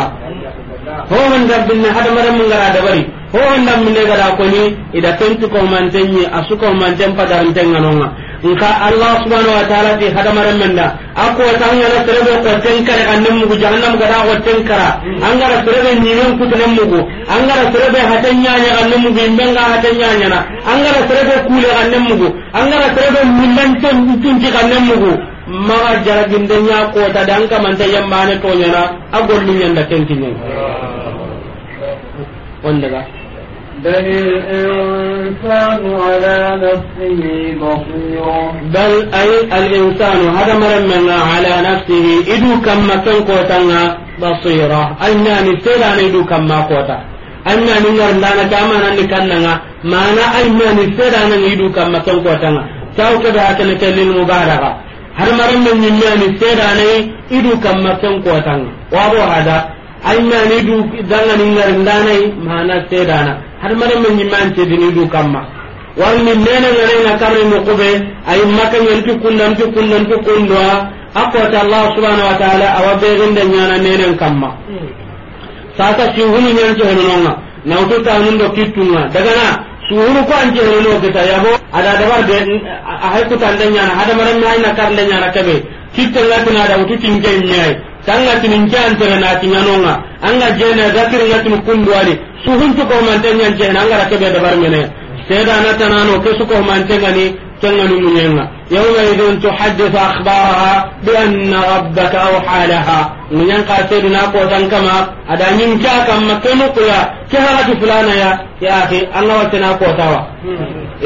ho honda binne hada mun gara ne gara ko ni ida tentu ko man tenni asu man ten padaran tenga nonga nka allah subhanahu wa ta'ala ti hada maran menda ako tanga na terebe ko tenka kan nem mu jahannam gara ko angara ni mu angara hatanya kan nem mu hatanya na angara kule kan nem mu angara mun tun ti kan nem mu maga jara ginde nya ko ta dan ka man ta yamma ne to nya na a gollu nya da tenki ne wanda ga bal al insanu hada maran man ala nafsihi idu kam ma tan ko tan na basira anna ni sela ne idu kam ma ko ta anna ni ngar da na kama nan ni kan na mana ay ni sela ne idu kam ma tan ko tan sa ko da ta ne kelin mubaraka har maran men nyimme ani seda ne idu kamma ken ko tanga wabo hada anya ni du danga ni ngar ndane mana seda na har maran men nyimme an te ni du min ne nene ngare na karri no kube ay makka ngel ti nan ti kundan ti kundwa ta allah subhanahu wa ta'ala awabe ginde nyana nene kamma hmm. sasa si hunu nyanto henonga na ututa do kitunga daga na tuhuru ko anje ne no kita yabo ada dabar de a hay ku tan danya na hada maran nay na kar danya na kabe kitta ngati na da utu tinge nyai tanga tinin jan tere na tinyanonga anga jena zakir ngati kundu ali suhun ko man danya je na ngara kabe dabar mene seda na tanano kesu ko man tengani تنغني منينا يومئذ تحدث أخبارها بأن ربك أوحى لها منين قاتلنا قوتان كما أدا من جاك أما كنقيا كهرة فلانا يا يا أخي أنا وتنا قوتاوا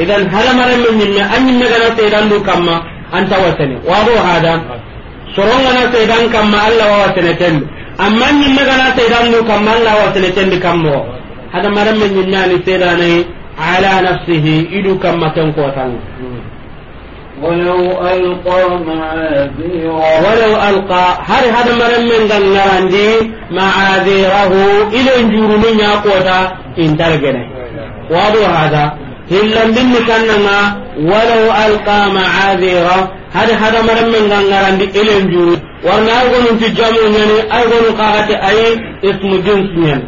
إذا هل مرة من يمنا أن يمنا سيدان دو كما أنت وتني واضح هذا سرونغنا سيدان كما الله وتني تني أما أن يمنا سيدان دو كما الله وتني تني كما هذا مرة من يمنا سيدان على نفسه إدو كما تنقوتان ولو ألقى معاذيره ولو ألقى هل هذا مرن من غنراندي معاذيره إلى انجورون يقوتا إن ترجنه واضح هذا hillan din kannanga walau alqa ma'azira hada hada maram men gangarandi elen juru warna argonun ti jamu nyani argonun qagati ay ismu jins nyani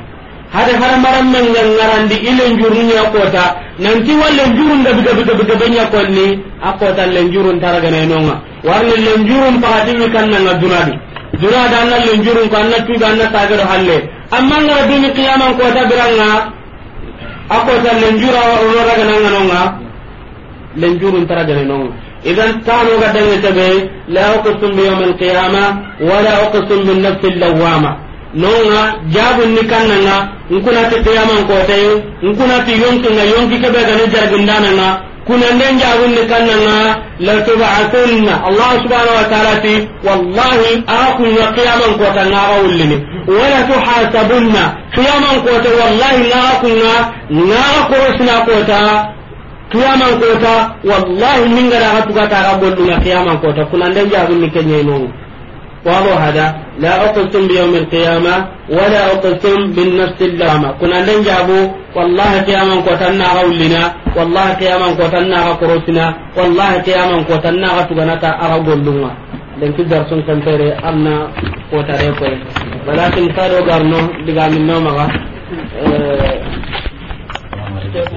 hade har maran ngaran di ilen jurun ya kota nanti wallen jurun da bida bida bida banya konni akota len jurun taraga ne nonga warne len jurun pahati mi kanna na dunadi dunada anna len jurun ko anna tuga anna tagaro halle amma ngara dumi qiyamang kota biranga akota len jura ro raga nan nonga len jurun taraga ne nonga idan tano ga dange tabe la uqsim bi yawm al qiyamah wala uqsim bin nafs al lawama nonga jabun ni kannanga nkuna ti kota yo nkuna ti yonkinga yonki kebe gani jargindananga nden jabun ni kannanga latubacatunna allah subhanahu wa taala ti wallahi aga kunga qiyaman kota ngaga wullini wala tuhasabunna qiyaman kota wallahi ngaga kunga ngaga korosina kota qiyaman kota wallahi mingada aga tugata aga gollunga qiyaman kota nden jabun ni kenyeinogu واضح هذا لا أقسم بيوم القيامة ولا أقسم بالنفس اللامة كنا ننجابو والله قياما قتلنا غولنا والله قياما قتلنا غقرسنا والله قياما قتلنا غتغنتا أغبولنا لن تدر سنكم تيري أمنا قتريكوي ولكن كانوا قرنو دقام النوم